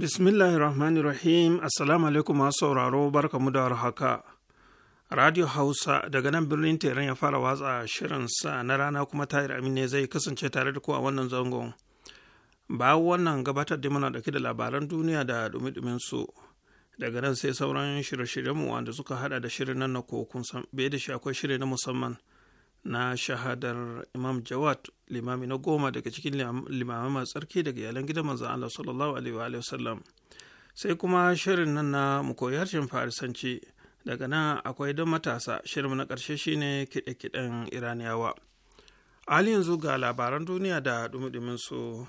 bismillahi Bismillahirrahmanirrahim. Assalamu alaikum masu sauraro barka mu da haka. Radio Hausa daga nan birnin Teran ya fara watsa shirinsa na rana kuma Tahir Amin ne zai kasance tare da ku a wannan zangon. Ba wannan gabatar da muna dauke da labaran duniya da dumi su. Daga nan sai sauran shirye-shiryenmu wanda suka hada da shirin nan na kokun san bai da shi akwai shiri na musamman. na shahadar imam jawad limami na goma daga cikin limamai masu tsarki daga yalan gidan manzan allah sallallahu alaihi wa sallam sai kuma shirin nan na mu koyi harshen farisanci daga nan akwai don matasa shirin na ƙarshe shine kiɗe-kiɗen iraniyawa ali yanzu ga labaran duniya da dumi su.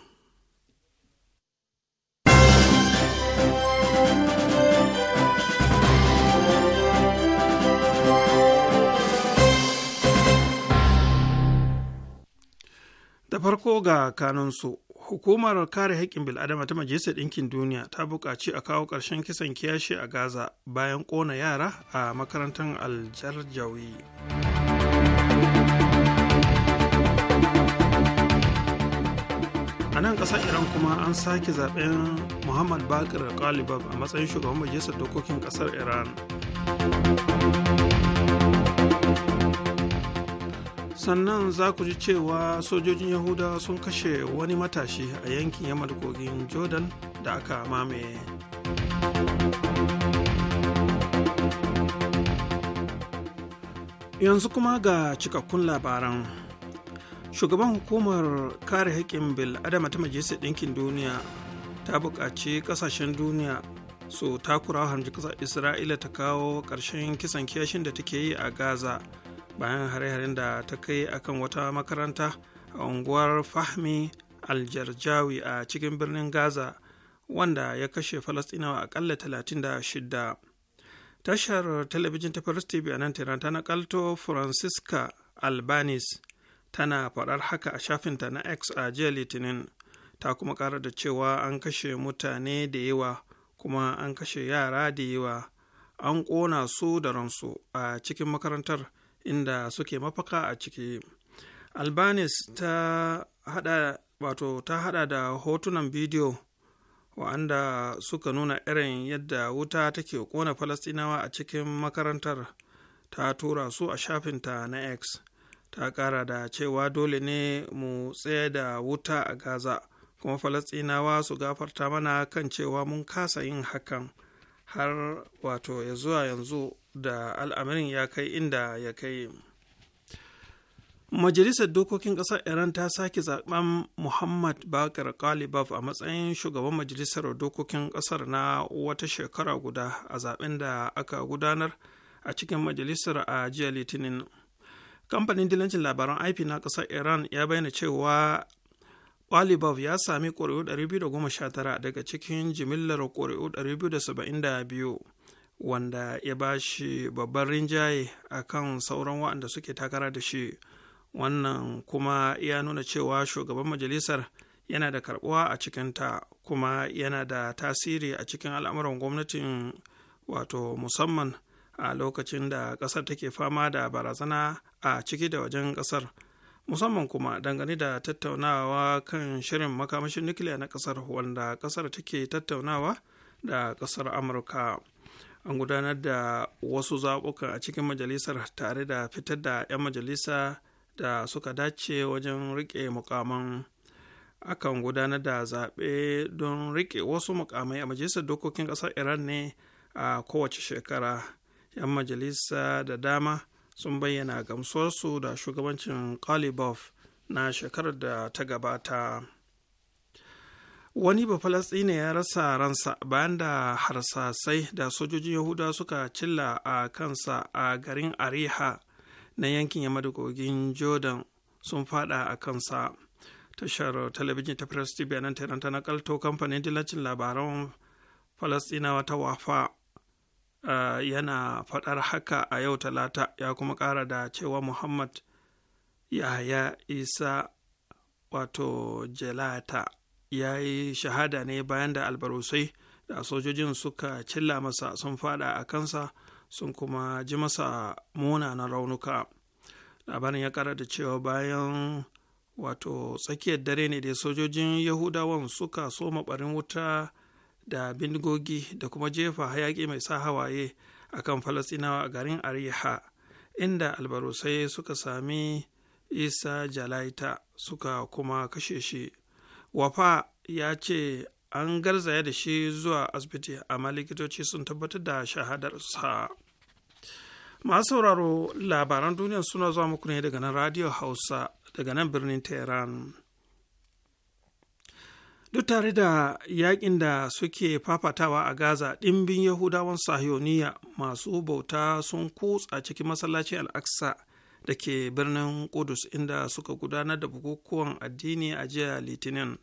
da farko ga kanunsu hukumar kare haƙƙin bil'adama ta majalisar ɗinkin duniya ta buƙaci a kawo ƙarshen kisan kiyashi a gaza bayan ƙona yara a makarantar aljarjawi a nan ƙasar iran kuma an sake zaɓen muhammad bakir kalibab a matsayin shugaban majalisar dokokin ƙasar iran sannan za ku ji cewa sojojin yahuda sun kashe wani matashi a yankin yamma da kogin jordan da aka mamaye yanzu kuma ga cikakkun labaran shugaban hukumar kare haƙƙin bil adama ta majalisar ɗinkin duniya ta buƙaci ƙasashen duniya su takura hamji ƙasar isra'ila ta kawo ƙarshen kisan kiyashin da take yi a gaza bayan hare-haren da ta kai akan wata makaranta a unguwar fahmi aljarjawi a cikin birnin gaza wanda ya kashe falastinawa akalla 36 tashar talabijin ta paris tv a nan tana ta nakalto francisca albanis tana faɗar haka a shafinta na x a jiya litinin ta kuma ƙara da cewa an kashe mutane da yawa kuma an kashe yara da yawa an ƙona su da ransu a cikin makarantar inda suke mafaka a ciki albanis ta hada wato ta hada da hotunan bidiyo wa'anda suka nuna irin yadda wuta take kona falastinawa a cikin makarantar ta tura su a shafinta na x ta kara da cewa dole ne mu tsaye da wuta a gaza kuma falastinawa su gafarta mana kan cewa mun kasa yin hakan har wato ya zuwa yanzu da al'amarin ya kai inda ya kai majalisar dokokin ƙasar iran ta sake zaben muhammad bakar kalibaf a matsayin shugaban majalisar dokokin ƙasar na wata shekara guda a zaben da aka gudanar a cikin majalisar a jiya litinin kamfanin dilancin labaran ip na ƙasar iran ya bayyana cewa Olibov ya sami ƙuri'u 219 daga cikin jimillar ƙuri'u 272 wanda ya ba shi babban rinjaye a kan sauran waɗanda suke takara da shi wannan kuma ya nuna cewa shugaban majalisar yana da karbuwa a cikinta kuma yana da tasiri a cikin al'amuran gwamnatin wato musamman a lokacin da ƙasar take fama da barazana a ciki da wajen ƙasar musamman kuma dangane da tattaunawa kan shirin makamashin nukiliya na ƙasar wanda ƙasar take tattaunawa da ƙasar amurka an gudanar da wasu zaɓuka a cikin majalisar tare da fitar da 'yan majalisa da suka dace wajen riƙe mukaman akan gudanar da zaɓe don riƙe wasu mukamai a majalisar dokokin ƙasar iran ne a kowace shekara 'yan majalisa da dama sun bayyana gamsuwarsu da shugabancin kalibov na shekarar da ta gabata. wani falasɗina ya rasa ransa bayan da harsasai da sojojin yahuda suka cilla a kansa a garin ariha na yankin yamma kogin jordan sun fada a kansa tashar talabijin ta press tv nan ta nakalto kamfanin dillacin labaran falastinawa ta wafa yana fadar haka a yau talata ya kuma kara da cewa muhammad yahya isa wato jelata ya yi shahada ne bayan da albarusai da sojojin suka cilla masa sun fada a kansa sun kuma ji masa munanan raunuka labarin ya kara da cewa bayan wato tsakiyar dare ne da sojojin yahudawan suka soma barin wuta da bindigogi da kuma jefa hayaƙi mai sa hawaye a kan falastinawa a garin ariha inda albarusai suka sami isa jalaita suka kuma kashe shi wafa ya ce an garzaya da shi zuwa asibiti amma likitoci sun tabbatar da shahadarsa masu sauraro labaran duniya suna zuwa muku ne daga nan radio hausa daga nan birnin tehran duk tare da yakin da suke fafatawa a gaza ɗimbin yahudawan sahiyoniya masu bauta sun kutsa cikin masallacin al'aksa da ke birnin Kudus inda suka gudanar da bukukuwan addini a jiya Litinin.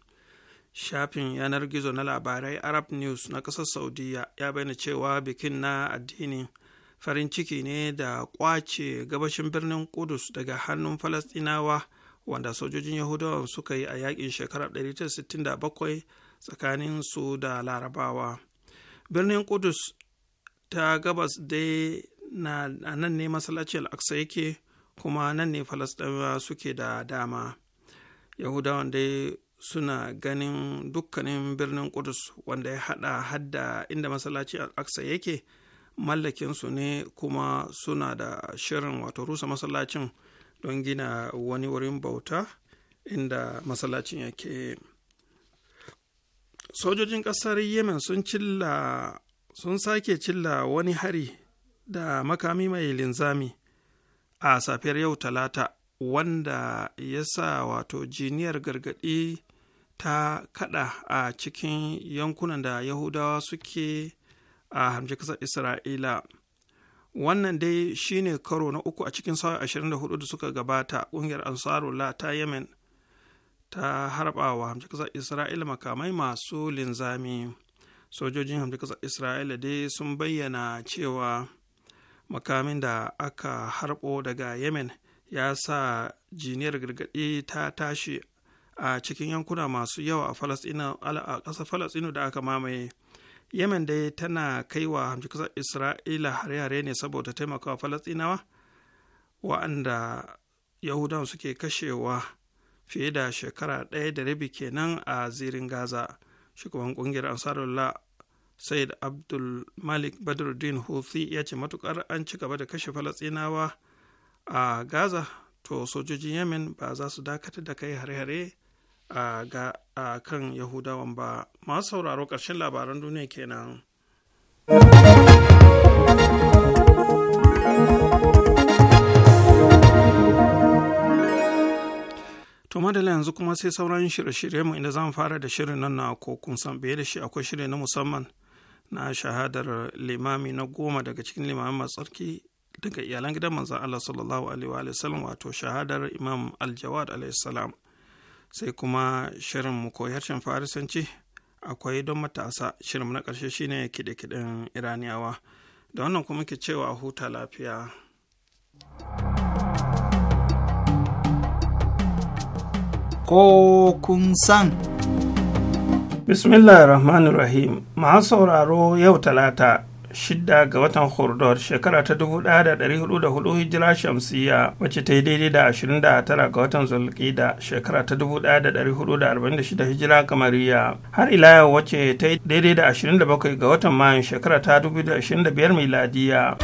Shafin yanar gizo na labarai Arab News na ƙasar Saudiya ya bayyana cewa bikin na addini farin ciki ne da ƙwace gabashin birnin Kudus daga hannun Falastinawa wanda sojojin Yahudawan suka yi a yakin shekarar 1967 tsakanin su da Larabawa. Birnin Kudus ta gabas dai na nan ne masallaci al-aqsa yake kuma nan ne falastawa suke da dama yahudawa dai suna ganin dukkanin birnin kudus wanda ya hada hadda inda masallaci aksa yake mallakinsu ne kuma suna da shirin wato rusa masallacin don gina wani wurin bauta inda masallacin yake sojojin kasar yemen sun cilla sun sake cilla wani hari da makami mai linzami a safiyar yau talata wanda ya sa wato jiniyar gargaɗi ta kada a cikin yankunan da yahudawa suke a hamshe kasar isra'ila wannan dai shine karo na uku a cikin sawa 24 da suka gabata ƙungiyar ansarullah ta yemen ta harba wa hamshe kasar isra'ila makamai masu linzami sojojin hamshe kasar isra'ila dai sun bayyana cewa makamin da aka harbo daga yemen ya sa jiniyar gargaɗi ta tashi a cikin yankuna masu yawa a ƙasar falasino da aka mamaye yemen dai tana kaiwa wa ƙasar isra'ila hare-hare ne saboda taimakawa falasɗinawa wa'anda yahudan suke kashewa fiye da shekara ɗaya da rabi kenan a zirin gaza shugaban ƙungiyar ansarullah said abdul malik badruddin houthi ya ce matukar an ci gaba da kashe falasinawa a gaza to sojojin yemen ba za su dakata da kai hare-hare a kan yahudawan ba masu sauraro ƙarshen labaran duniya kenan. To madalla yanzu kuma sai sauran shirye-shiryenmu inda zan fara da shirin nan na ko san da shi akwai shirin na musamman na shahadar limami na goma daga cikin limamin masu tsarki daga iyalan gidan manzan Allah sallallahu alaihi wa sallam wato shahadar imam aljawad alaihi salam sai kuma shirin mu koyarshen farisanci akwai don matasa shirin na karshe shine kiɗe-kiɗen iraniyawa da wannan kuma ke cewa huta lafiya. Ko kun san. rahim ma'an sauraro yau talata shidda ga watan hurdor shekara ta 1404 hijira shamsiya wacce ta yi daidai da 29 ga watan zulkida shekara ta 1446 hijira kamariya har ila yau wacce ta yi daidai da 27 ga watan mayu shekara ta 2025 miladiya.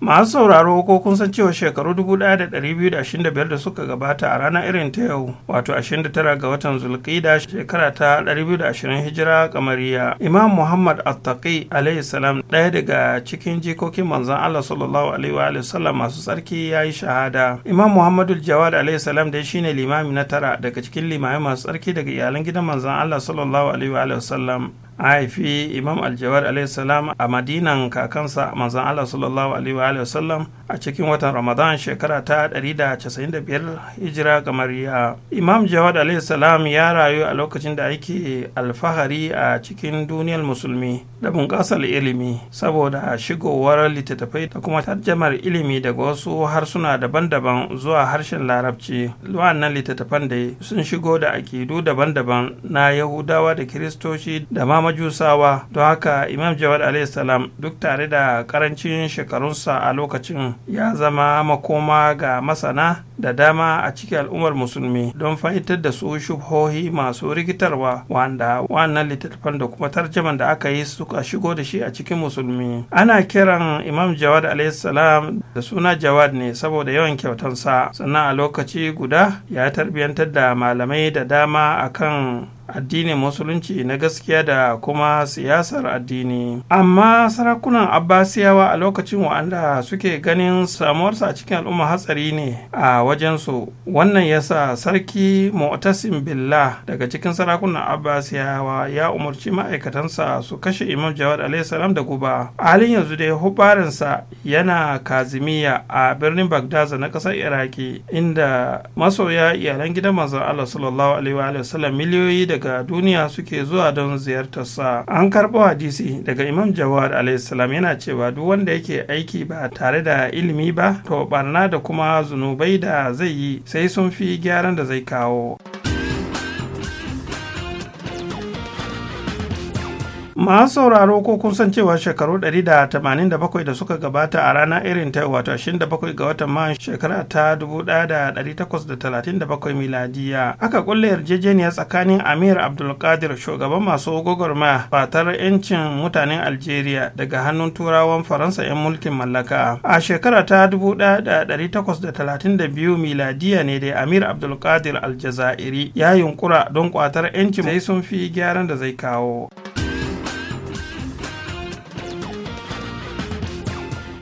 masu sauraro ko kun san cewa shekaru 1225 da suka gabata a ranar irin ta yau wato 29 ga watan zulkida shekara ta 220 hijira kamariya imam muhammad attaqi alaihi salam ɗaya daga cikin jikokin manzan allah sallallahu alaihi wa sallam masu tsarki ya yi shahada imam muhammadu jawad alaihi salam dai shine limami na tara daga cikin Limami masu tsarki daga iyalan gidan manzan allah sallallahu alaihi wa sallam a haifi imam aljawar salam a madinan kakansa manzan allah sallallahu alaihi sallam a cikin watan ramadan shekara ta 195 hijira ga Mariya. imam jawad salam ya rayu a lokacin da ake alfahari a cikin duniyar musulmi da bunƙasar ilimi saboda shigowar littattafai da kuma tarjamar ilimi daga wasu harsuna daban-daban zuwa harshen larabci wannan littattafan da sun shigo da akidu daban-daban na yahudawa da kiristoci da majusawa don haka imam jawad salam duk tare da karancin shekarunsa a lokacin ya zama makoma ga masana da dama a cikin al'ummar musulmi don fahimtar da su shubhohi masu rikitarwa wanda wannan littattafan da kuma tarjaman da aka yi suka shigo da shi a cikin musulmi ana kiran imam jawad salam da suna jawad ne saboda yawan kyautansa sannan a lokaci guda ya tarbiyantar da malamai da dama akan addinin musulunci na gaskiya da kuma siyasar addini amma sarakunan abbasiyawa a lokacin wa'anda suke ganin samuwarsa a cikin al'umma hatsari ne a wajen su, wannan yasa sarki mu'tasim billah daga cikin sarakunan abbasiyawa ya umarci ma'aikatansa su kashe imam jawad alaihissalam da guba a halin yanzu dai hubarinsa yana kazimiya a birnin bagdaza na ƙasar iraki inda masoya iyalan gidan manzon allah sallallahu alaihi wa sallam miliyoyi da daga duniya suke zuwa don ziyartarsa an karɓo hadisi daga imam jawad alaihissalam yana cewa duk wanda yake aiki ba tare da ilimi ba to ɓarna da kuma zunubai da zai yi sai sun fi gyaran da zai kawo. masu sauraro ko kun san cewa shekaru 187 da suka gabata a rana irin ta wato 27 ga watan man shekara ta 1837 miladiya aka kulle yarjejeniya tsakanin amir abdulkadir shugaban masu gwagwarma fatar 'yancin mutanen algeria daga hannun turawan faransa 'yan mulkin mallaka a shekara ta 1832 miladiya ne da amir abdulkadir aljazairi ya yunkura don kwatar 'yancin sai sun fi gyaran da zai kawo.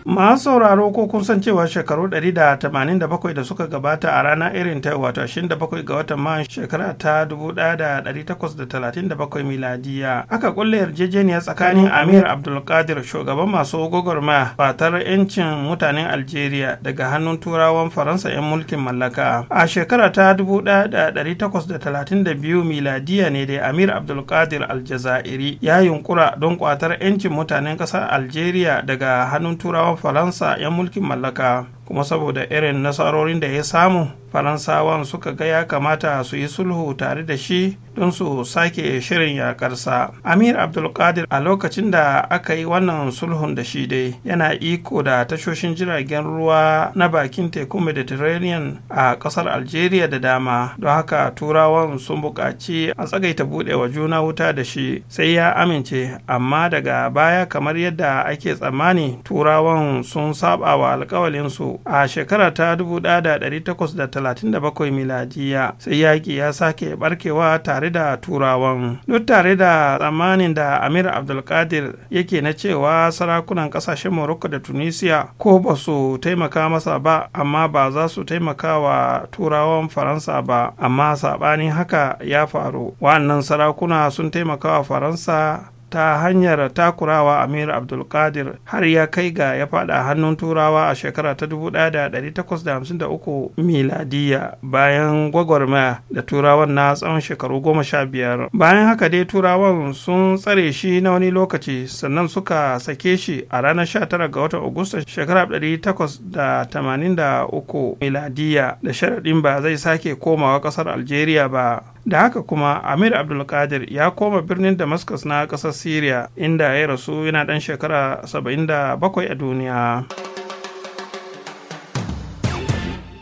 masu sauraro ko kun san cewa shekaru 187 da suka gabata a rana irin ta wato 27 ga watan man shekara ta 1837 miladiya aka kulle yarjejeniya tsakanin amir abdulkadir shugaban masu gwagwarma fatar 'yancin mutanen algeria daga hannun turawan faransa 'yan mulkin mallaka a shekara ta 1832 miladiya ne da amir abdulkadir aljazairi ya yunkura don kwatar 'yancin mutanen ƙasar algeria daga hannun turawan faransa 'yan mulkin mallaka kuma saboda irin nasarorin da ya samu faransawan suka ga ya kamata su yi sulhu tare da shi don su sake shirin yakarsa amir abdulkadir a lokacin da aka yi wannan sulhun da shi dai yana iko da tashoshin jiragen ruwa na bakin tekun mediterranean a kasar algeria da dama don haka turawan sun buƙaci a tsagaita buɗewa juna wuta da shi sai ya amince amma daga baya kamar yadda ake tsammani turawan sun saba wa alkawalinsu a shekara ta 1830 37 miladiya sai yaƙi ya sake barkewa tare da turawan duk tare da tsammanin da amir abdulkadir yake na cewa sarakunan kasashen morocco da tunisia ko ba su taimaka masa ba amma ba za su taimaka wa turawan faransa ba amma saɓanin haka ya faru wa'annan sarakuna sun taimaka wa faransa ta hanyar takurawa amir abdulkadir har ya kai ga ya fada hannun turawa a shekara ta 1853 miladiya bayan gwagwarmaya da turawan na tsawon shekaru goma sha biyar bayan haka dai turawan sun tsare shi na wani lokaci sannan suka sake shi a ranar 19 ga watan agusta shekara 1883 miladiya da sharaɗin ba zai sake komawa ƙasar algeria ba da haka kuma amir abdulkadir ya koma birnin damascus na ƙasar syria inda ya rasu yana ɗan shekara 77 a duniya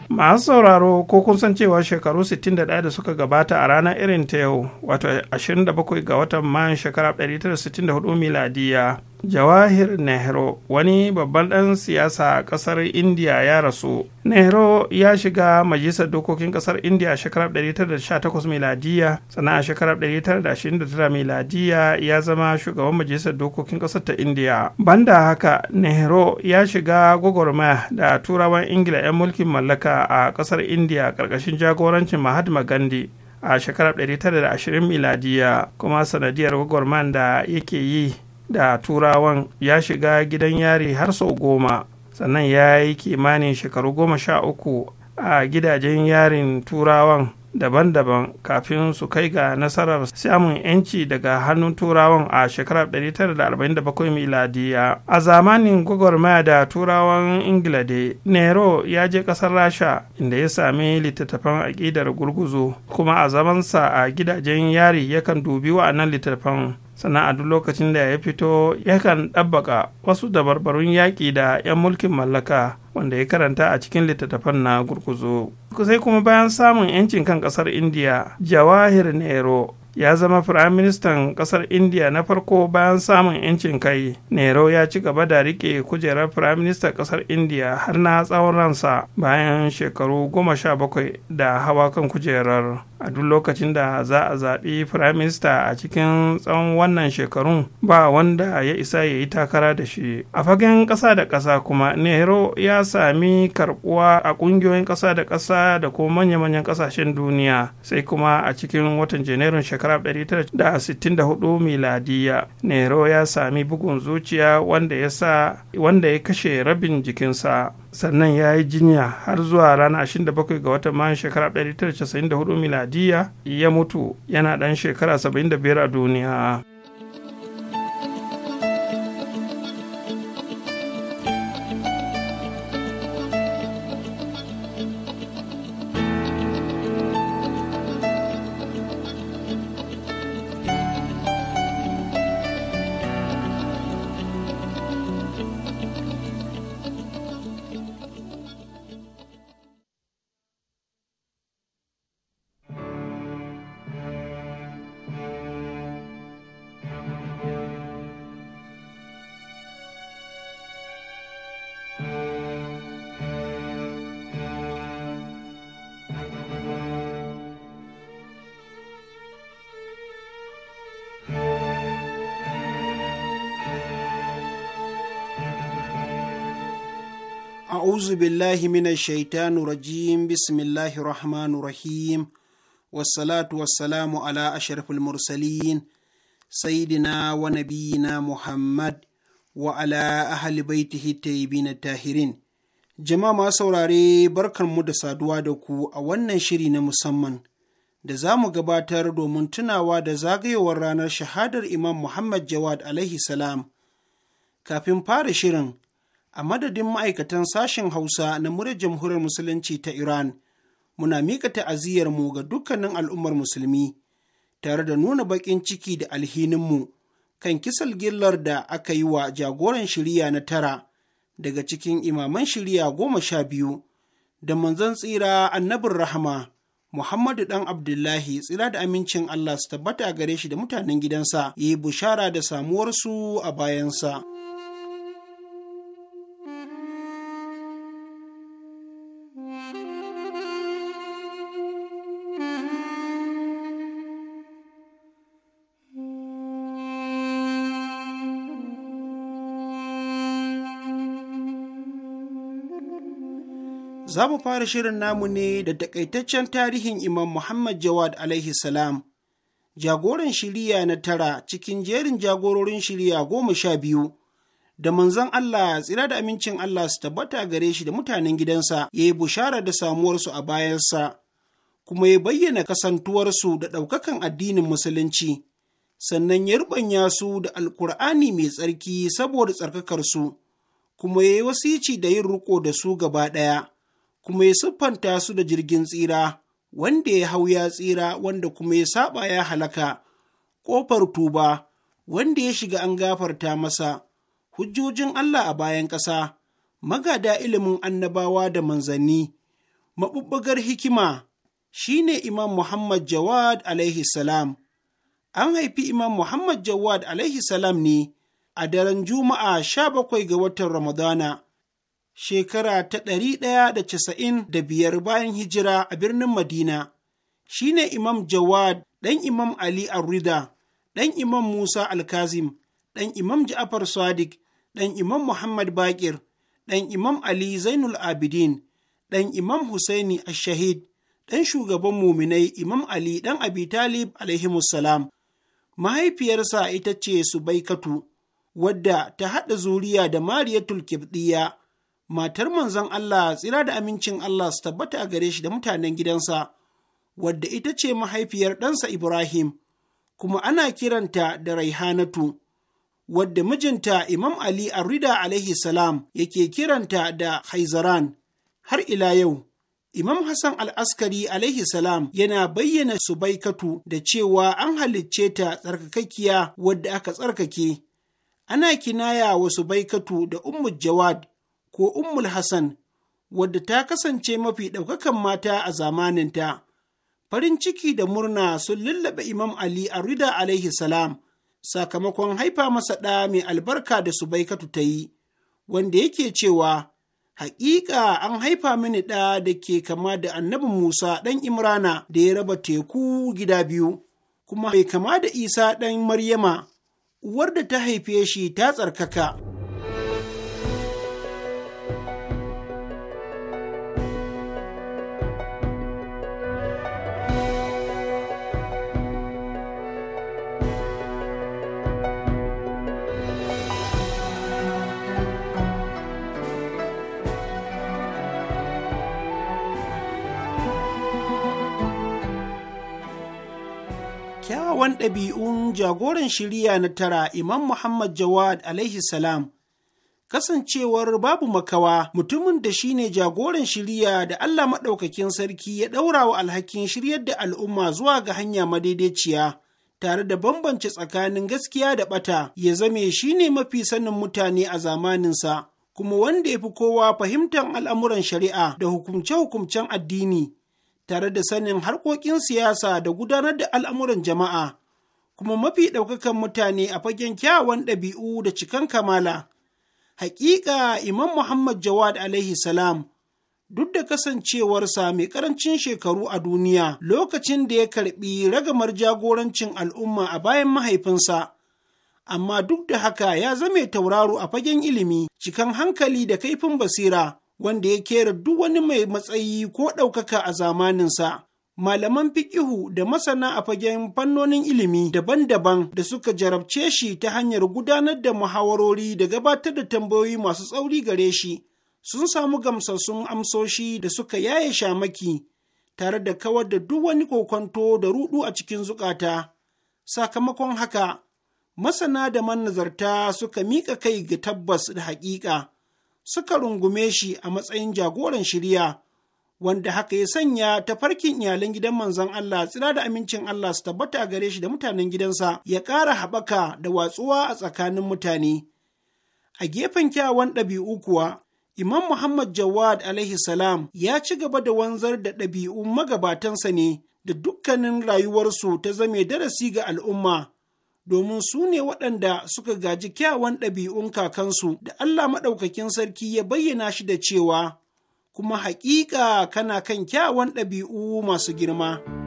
masu sauraro ko kun san cewa shekaru 61 da suka gabata a ranar irin ta yau wato 27 ga watan mayan shekara 1964 miladiya jawahir nehru wani babban ɗan siyasa a ƙasar india ya rasu nehru ya shiga majalisar dokokin ƙasar india a shekarar 1918 miladiya sannan a shekarar 1929 miladiya ya zama shugaban majalisar dokokin ƙasar ta india banda haka nehru ya shiga gwagwarmaya da turawan ingila 'yan mulkin mallaka a ƙasar india ƙarƙashin jagorancin mahatma gandhi a shekarar 1920 miladiya kuma sanadiyar gwagwarman da yake yi da turawan ya shiga gidan yari har sau goma sannan ya yi kimanin shekaru goma sha uku a gidajen yarin turawan daban-daban kafin su kai ga nasarar samun yanci daga hannun turawan a shekarar 1947 miladiya a zamanin gwagwarmaya da turawan ingila da nero ya je kasar rasha inda ya sami littattafan aƙidar gurguzu kuma a zamansa a gidajen yari yakan dubi wa'annan littattafan sannan duk lokacin da ya fito yakan ɗabbaka wasu dabarbarun yaƙi da 'yan mulkin mallaka wanda ya karanta a cikin littattafan na gurguzu sai kuma bayan samun 'yancin kan ƙasar indiya jawahir nero ya zama firaministan ƙasar indiya na farko bayan samun 'yancin kai nero ya ci gaba da riƙe kujerar firaministan ƙasar indiya har na tsawon ransa bayan shekaru goma sha bakwai da hawa kan kujerar a duk lokacin da za a zaɓi firayim minista a cikin tsawon wannan shekarun ba wanda ya isa ya yi takara da shi a fagen ƙasa da ƙasa kuma nero ya sami karɓuwa a ƙungiyoyin ƙasa da ƙasa da kuma manya-manyan ƙasashen duniya sai kuma a cikin watan janairun shekara 1964 miladiya nero ya sami bugun zuciya wanda ya kashe rabin jikinsa sannan ya yi jinya har zuwa ranar 27 ga watan mayan shekara 1994 miladiya ya mutu yana ɗan shekara 75 a duniya a'uzu billahi minash shaitani rajim bismillahi rahmanu rahim wassalatu wassalamu ala ashrafil mursalin sayyidina wa nabiyina muhammad wa ala ahli baitihi tayyibin tahirin jama'a ma saurare barkanmu da saduwa da ku a wannan shiri na musamman da za mu gabatar domin tunawa da zagayowar ranar shahadar imam muhammad jawad alaihi salam kafin fara shirin a madadin ma'aikatan sashen Hausa na murar jamhuriyar Musulunci ta Iran, muna mika ta'aziyyarmu ga dukkanin al'ummar musulmi, tare da nuna baƙin ciki da alhininmu kan kisal gillar da aka yi wa jagoran shirya na tara daga cikin imaman shirya goma sha biyu da manzon tsira annabin rahama Muhammadu ɗan Abdullahi tsira da amincin Allah su tabbata gare shi da mutanen gidansa, ya yi bushara da samuwarsu a bayansa. za mu fara shirin namu ne da takaitaccen tarihin Imam Muhammad Jawad alaihi salam, jagoran shiriya na tara cikin jerin jagororin shirya goma sha biyu, da manzon Allah tsira da amincin Allah su tabbata gare shi da mutanen gidansa ya yi bushara da samuwarsu a bayansa, kuma ya bayyana kasantuwarsu da ɗaukakan addinin Musulunci, sannan ya ruɓanya su da Alkur'ani mai tsarki saboda tsarkakarsu, kuma ya yi wasici da yin riƙo da su gaba ɗaya. kuma ya siffanta su da jirgin tsira wanda ya hau ya tsira wanda kuma ya saba ya halaka ƙofar tuba wanda ya shiga an gafarta masa hujjojin Allah a bayan ƙasa magada ilimin annabawa da manzanni maɓuɓɓugar hikima shine imam Muhammad Jawad alaihi salam an haifi imam Muhammad Jawad alaihi salam ne a daren juma'a sha bakwai ga watan Ramadana shekara ta ɗari ɗaya da casa'in da biyar bayan hijira a birnin Madina, shi ne Imam Jawad ɗan Imam Ali Arrida, ɗan Imam Musa Alkazim, ɗan Imam Ja'afar Sadiq, ɗan Imam Muhammad Bakir, ɗan Imam Ali Zainul Abidin, ɗan Imam Husaini Ashahid, ɗan shugaban muminai Imam Ali ɗan Abi Talib alaihimussalam. Mahaifiyarsa ita ce Subaikatu, wadda ta haɗa zuriya da Mariyatul Kibdiya. matar manzon Allah tsira da amincin Allah su tabbata a gare shi da mutanen gidansa, wadda ita ce mahaifiyar ɗansa Ibrahim, kuma ana kiranta da Raihanatu, wadda mijinta Imam Ali arida alaihi salam yake kiranta da Haizaran. Har ila yau, Imam Hassan al'askari alaihi salam yana bayyana subaikatu da cewa an halicce ta tsarkakakkiya wadda aka tsarkake. Ana kinaya wa subaikatu da Ummu Jawad ko Ummul Hassan, wadda ta kasance mafi ɗaukakan mata a zamaninta. Farin ciki da murna sun lullaɓe Imam Ali a rida alaihi salam, sakamakon haifa masa ɗa mai albarka da su baikatu ta yi, wanda yake cewa, Haƙiƙa an haifa mini ɗa da ke kama da annabi Musa ɗan Imrana da ya raba teku gida biyu, kuma bai kama da Isa ɗan Maryama, uwar da ta haife shi ta tsarkaka. kyawawan ɗabi'un jagoran shirya na tara Imam Muhammad Jawad alaihi salam, kasancewar babu makawa mutumin da shi ne jagoran shirya da Allah maɗaukakin sarki ya ɗaura wa alhakin shiryar da al'umma zuwa ga hanya madaidaiciya. Tare da bambance tsakanin gaskiya da ɓata ya zame shi ne mafi sanin mutane a zamaninsa, kuma wanda ya fi kowa fahimtar al'amuran shari'a da hukumce-hukumcen addini tare da sanin harkokin siyasa da gudanar da al'amuran jama'a, kuma mafi ɗaukakan mutane a fagen kyawawan ɗabi'u da cikan kamala. Hakika Imam Muhammad Jawad alaihi salam duk da kasancewarsa mai ƙarancin shekaru a duniya lokacin da ya karɓi ragamar jagorancin al'umma a bayan mahaifinsa. Amma duk da haka ya zame tauraro a fagen ilimi, cikan hankali da kaifin basira. wanda ya kera duk wani mai matsayi ko ɗaukaka a zamaninsa. Malaman fiƙihu da masana a fagen fannonin ilimi daban-daban da suka jarabce shi ta hanyar gudanar da muhawarori da gabatar da tambayoyi masu tsauri gare shi, sun samu gamsassun amsoshi da suka yaye shamaki, tare da kawar da duk wani kokonto da ruɗu a cikin zukata. Sakamakon haka, masana da manazarta suka miƙa kai ga tabbas da haƙiƙa. suka rungume shi a matsayin jagoran shirya wanda haka ya sanya tafarkin iyalan gidan manzon Allah tsira da amincin Allah su tabbata a gare shi da mutanen gidansa ya ƙara haɓaka da watsuwa a tsakanin mutane. A gefen kyawan ɗabi'u kuwa, Imam Muhammad Jawad alaihi salam ya ci gaba da wanzar da ɗabi'un magabatansa ne da dukkanin rayuwarsu ta zame darasi ga al'umma domin su ne waɗanda suka gaji kyawan ɗabi'un kakansu da Allah maɗaukakin sarki ya bayyana shi da cewa, kuma haƙiƙa kana kan kyawan ɗabi'u masu girma.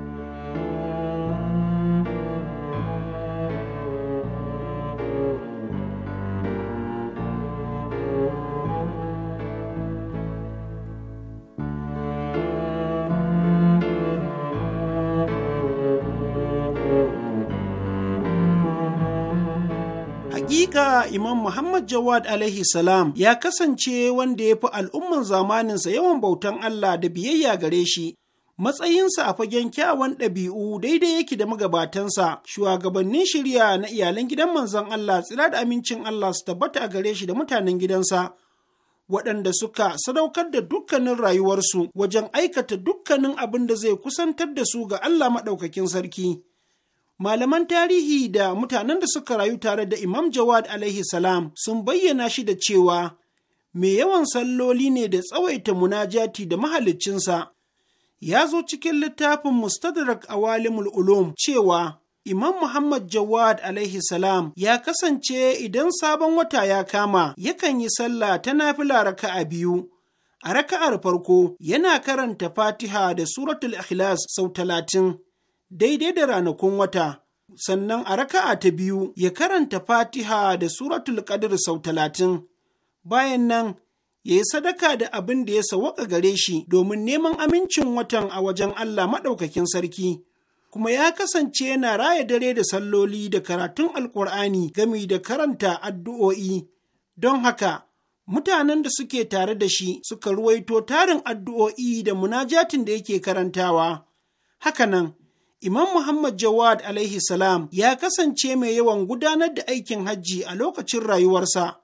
ga Imam Muhammad Jawad alaihi salam ya kasance wanda ya fi al'umman zamaninsa yawan bautan Allah da biyayya gare shi. Matsayinsa a fagen kyawan ɗabi'u daidai yake da magabatansa, shugabannin shirya na iyalan gidan manzon Allah tsira da amincin Allah su tabbata a gare shi da mutanen gidansa. waɗanda suka sadaukar da dukkanin rayuwarsu wajen aikata dukkanin abin da zai kusantar da su ga Allah maɗaukakin sarki. Malaman tarihi da mutanen da suka rayu tare da Imam Jawad alaihi salam sun bayyana shi da cewa mai yawan salloli ne da tsawaita munajati da mahaliccinsa. Ya zo cikin littafin Mustadrak Awalimul Ulum cewa Imam Muhammad Jawad alaihi salam ya kasance idan sabon wata ya kama yakan yi sallah ta nafila raka'a biyu. A raka'ar farko yana karanta Fatiha da Suratul Ikhlas sau talatin. daidai da ranakun wata sannan a raka'a ta biyu ya karanta fatiha da suratul qadr sau talatin bayan nan ya yi sadaka da abin da ya sawaka gare shi domin neman amincin watan a wajen Allah maɗaukakin sarki kuma ya kasance yana raya dare da salloli da karatun alkur'ani gami da karanta addu'o'i don haka mutanen da suke tare da shi suka ruwaito tarin addu'o'i da munajatin da yake karantawa haka nan. Imam Muhammad Jawad alaihi salam ya kasance mai yawan gudanar da aikin hajji a lokacin rayuwarsa.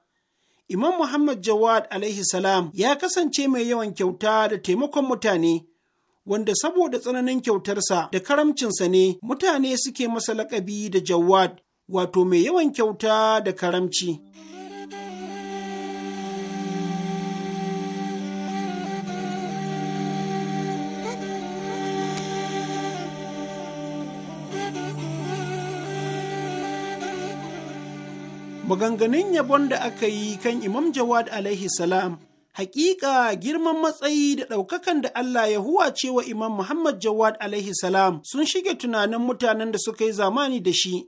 Imam Muhammad Jawad alaihi salam ya kasance mai yawan kyauta da taimakon mutane, wanda saboda tsananin kyautarsa da karamcinsa ne mutane suke masa laƙabi da Jawad, wato mai yawan kyauta da karamci. maganganun yabon da aka yi kan Imam Jawad alaihi salam hakika girman matsayi da ɗaukakan da Allah ya huwace wa Imam Muhammad Jawad alaihi salam sun shige tunanin mutanen da suka yi zamani da shi.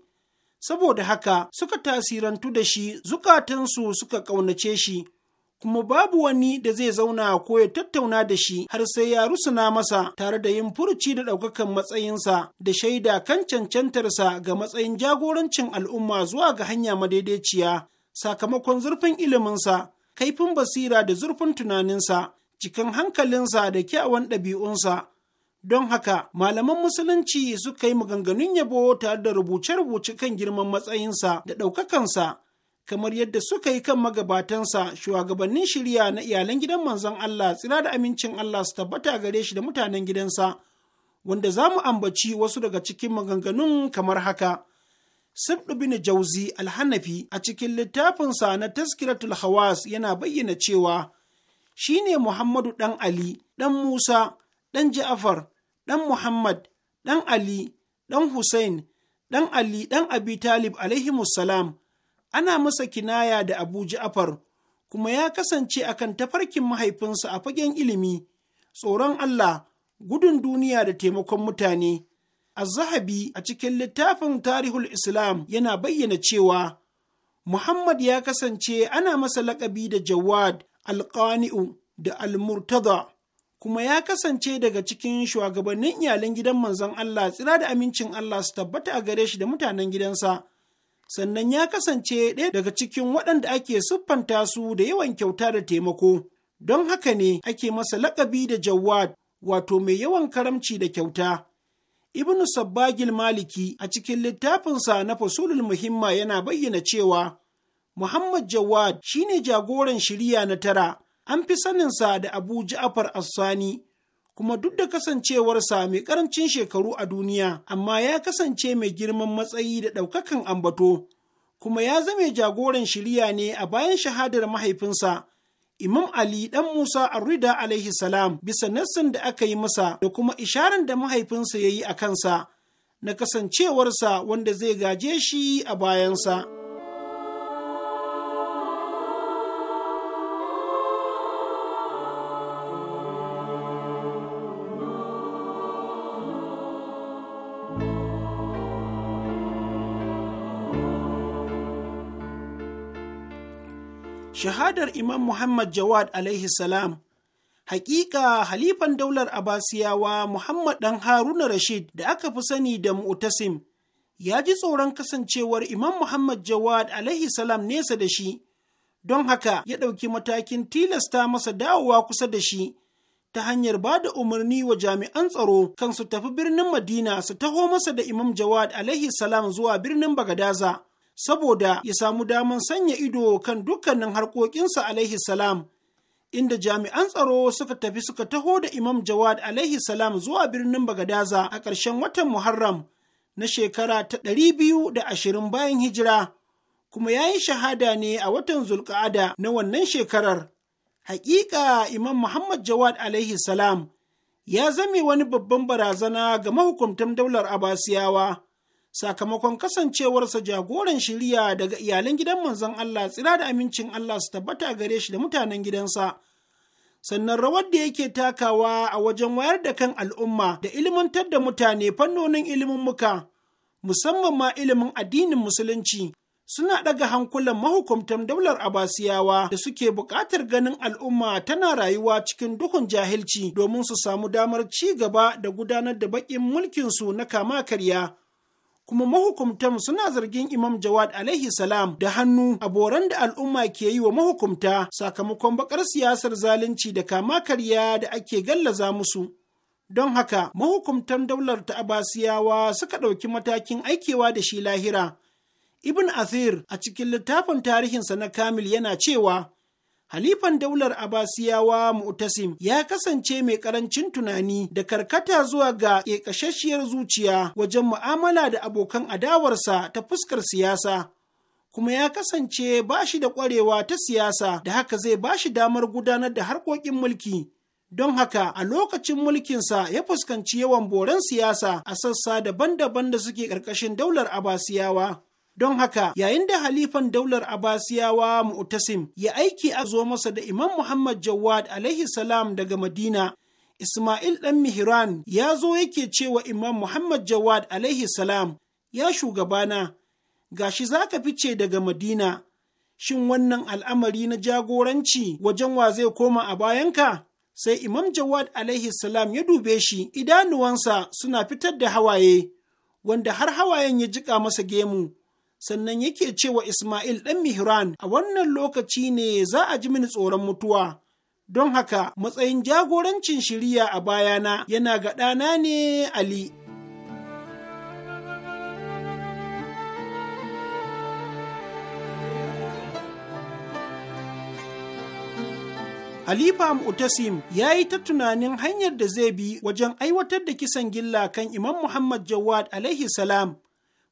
Saboda haka suka tasirantu da shi zukatansu suka ƙaunace shi kuma babu wani da zai zauna ko ya tattauna da shi har sai ya rusuna masa tare da yin furuci da ɗaukakan matsayinsa da shaida kan cancantarsa ga matsayin jagorancin al'umma zuwa ga hanya madaidaiciya sakamakon zurfin iliminsa kaifin basira da zurfin tunaninsa cikin hankalinsa da kyawun ɗabi'unsa don haka malaman musulunci suka yi maganganun yabo tare da rubuce-rubuce kan girman matsayinsa da ɗaukakansa kamar yadda suka yi kan magabatansa shugabannin shirya na iyalan gidan manzon Allah tsira da amincin Allah su tabbata gare shi da mutanen gidansa wanda za mu ambaci wasu daga cikin maganganun kamar haka. Sibdu bin Jauzi Alhanafi a cikin littafinsa na Taskiratul Hawas yana bayyana cewa shi ne Muhammadu ɗan Ali, ɗan Musa, ɗan Jafar, ɗan Muhammad, ɗan Ali, ɗan Hussein, ɗan Ali, ɗan Abi Talib alaihimussalam ana masa kinaya da Abu Ja'far kuma ya kasance a kan tafarkin mahaifinsa a fagen ilimi, tsoron Allah, gudun duniya da taimakon mutane. A zahabi a cikin littafin Tarihul Islam yana bayyana cewa Muhammad ya kasance ana masa lakabi da Jawad Alƙani'u da Al-Murtada kuma ya kasance daga cikin shugabannin iyalan gidan manzon Allah tsira da amincin Allah su tabbata a gare shi da mutanen gidansa. sannan ya kasance ɗaya daga cikin waɗanda ake siffanta su da yawan kyauta da taimako. Don haka ne ake masa laƙabi da Jawad, wato mai yawan karamci da kyauta. Ibn Sabbagil Maliki a cikin littafinsa na Fasulul Muhimma yana bayyana cewa Muhammad Jawad shine jagoran shirya na tara, an fi saninsa da Abu Ja'far Sani. kuma duk da kasancewarsa mai karancin shekaru a duniya, amma ya kasance mai girman matsayi da ɗaukakan ambato, kuma ya zame jagoran shirya ne a bayan shahadar mahaifinsa. Imam Ali ɗan Musa Arrida alaihi salam bisa nassin da aka yi masa da kuma isharar da mahaifinsa ya yi a kansa na kasancewarsa wanda zai gaje shi a bayansa. shahadar Imam Muhammad Jawad alaihi salam Hakika halifan daular Abasiyawa Muhammad dan Haruna Rashid da aka fi sani da Mu'tasim ya ji tsoron kasancewar Imam Muhammad Jawad alaihi salam nesa da shi, don haka ya ɗauki matakin tilasta masa dawowa kusa da shi ta hanyar ba da umarni wa jami'an tsaro kan su tafi birnin Madina su taho masa da Imam Jawad alaihi salam zuwa birnin Bagadaza. saboda ya samu daman sanya ido kan dukkanin harkokinsa alaihi salam inda jami'an tsaro suka tafi suka taho da imam jawad alaihi salam zuwa birnin bagadaza a ƙarshen watan muharram na shekara ta ɗari biyu da ashirin bayan hijira kuma ya yi shahada ne a watan zulka'ada na wannan shekarar hakika imam muhammad jawad alaihi salam ya zame wani babban barazana ga mahukuntan daular abasiyawa sakamakon kasancewarsa jagoran shiriya daga iyalan gidan manzon Allah tsira da amincin Allah su tabbata gare shi da mutanen gidansa. Sannan rawar da yake takawa a wajen wayar da kan al'umma da ilimantar da mutane fannonin ilimin muka, musamman ma ilimin addinin musulunci, suna ɗaga hankulan mahukumtan daular Abasiyawa da suke buƙatar ganin al'umma tana rayuwa cikin duhun jahilci domin su samu damar ci gaba da gudanar da baƙin mulkinsu na kama karya. kuma mahukumtan suna zargin Imam Jawad alaihi salam da hannu a boran da al'umma ke yi wa mahukumta sakamakon bakar siyasar zalunci da kama karya da ake gallaza musu. Don haka, mahukumtan daular ta Abasiyawa suka ɗauki matakin aikewa da shi lahira. Ibn Athir a cikin littafin tarihinsa na Kamil yana cewa, Halifan daular Abasiyawa Mu'tasim ya kasance mai karancin tunani da karkata zuwa ga ƙeƙashashiyar zuciya wajen mu'amala da abokan adawarsa ta fuskar siyasa. kuma ya kasance ba shi da ƙwarewa ta siyasa da haka zai ba shi damar gudanar da harkokin mulki. Don haka a lokacin mulkinsa ya fuskanci yawan boran siyasa a sassa daban-daban da suke ƙarƙashin daular Abasiyawa. Don haka, yayin da halifan daular abasiyawa Mu'tasim ya aiki a zo masa da Imam Muhammad Jawad alaihi salam daga Madina, Ismail ɗan Mihran ya zo yake cewa Imam Muhammad Jawad alaihi salam, ya shugabana, gashi za ka fice daga Madina, shin wannan al'amari na jagoranci wajen wa zai koma a bayanka? Sai Imam Jawad alaihi salam ya dube shi, idanuwansa suna fitar da hawaye, wanda har hawayen ya jiƙa masa gemu. sannan yake cewa Ismail ɗan Mihran a wannan lokaci ne za a ji mini tsoron mutuwa. Don haka matsayin jagorancin shirya a bayana yana ga ɗana ne Ali. Halifa Mu'tasim ya yi ta tunanin hanyar da zai bi wajen aiwatar da kisan gilla kan Imam Muhammad Jawad alaihi salam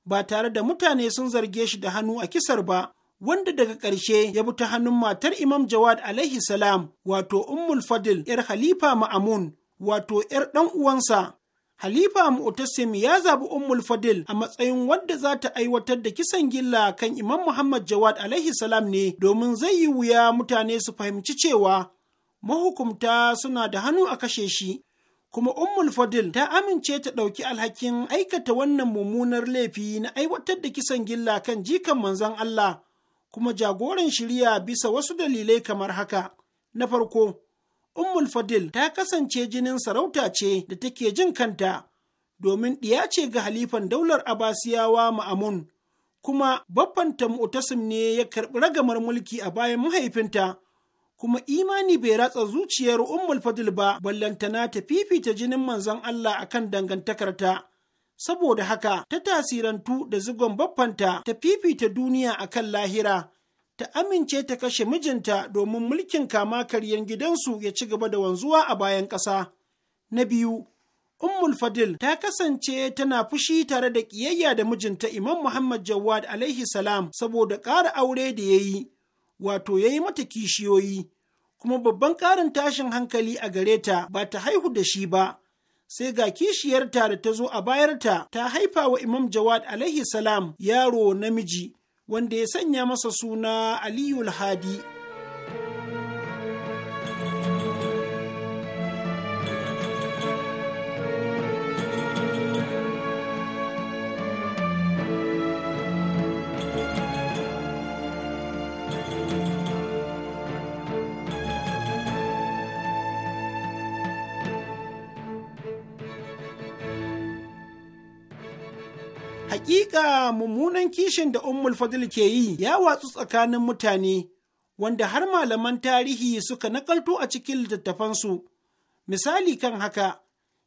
ba tare da mutane sun zarge shi da hannu a kisar ba wanda daga ƙarshe ya bi ta hannun matar Imam Jawad alaihi salam wato Ummul Fadil ‘yar Halifa Ma'amun wato ‘yar ɗan uwansa. Halifa Mu'tasim ya zaɓi Ummul Fadil a matsayin wadda za ta aiwatar da kisan gilla kan Imam Muhammad Jawad alaihi salam ne domin zai yi wuya mutane su fahimci cewa mahukumta suna da hannu a kashe shi. kuma Ummul Fadil ta amince ta ɗauki alhakin aikata wannan mummunar laifi na aiwatar da kisan gilla kan jikan manzon Allah, kuma jagoran shirya bisa wasu dalilai kamar haka. Na farko, Ummul Fadil ta kasance jinin sarauta ce da take jin kanta, domin ɗiya ce ga halifan daular Abasiyawa Ma'amun, kuma baffanta Mu'tasim ne ya karɓi ragamar mulki a bayan mahaifinta. kuma imani bai ratsa zuciyar ummul fadil ba ballantana ta fifita jinin manzon Allah akan dangantakarta saboda haka ta tasirantu da zigon baffanta ta fifita duniya akan lahira ta amince ta kashe mijinta domin mulkin kama karyan gidansu ya ci gaba da wanzuwa a bayan ƙasa na biyu Ummul Fadil ta kasance tana fushi tare da ƙiyayya da mijinta Imam Muhammad Jawad alaihi salam saboda ƙara aure da ya yi, wato ya yi mata kishiyoyi. kuma babban ƙarin tashin hankali a gare ta ba ta haihu da shi ba sai ga kishiyarta da ta zo a bayarta ta haifa wa imam jawad alaihi salam yaro namiji wanda ya sanya masa suna Aliyu hadi Hakika mummunan kishin da Ummul Fadil ke yi ya watsu tsakanin mutane wanda har malaman tarihi suka nakalto a cikin littattafansu. Misali kan haka,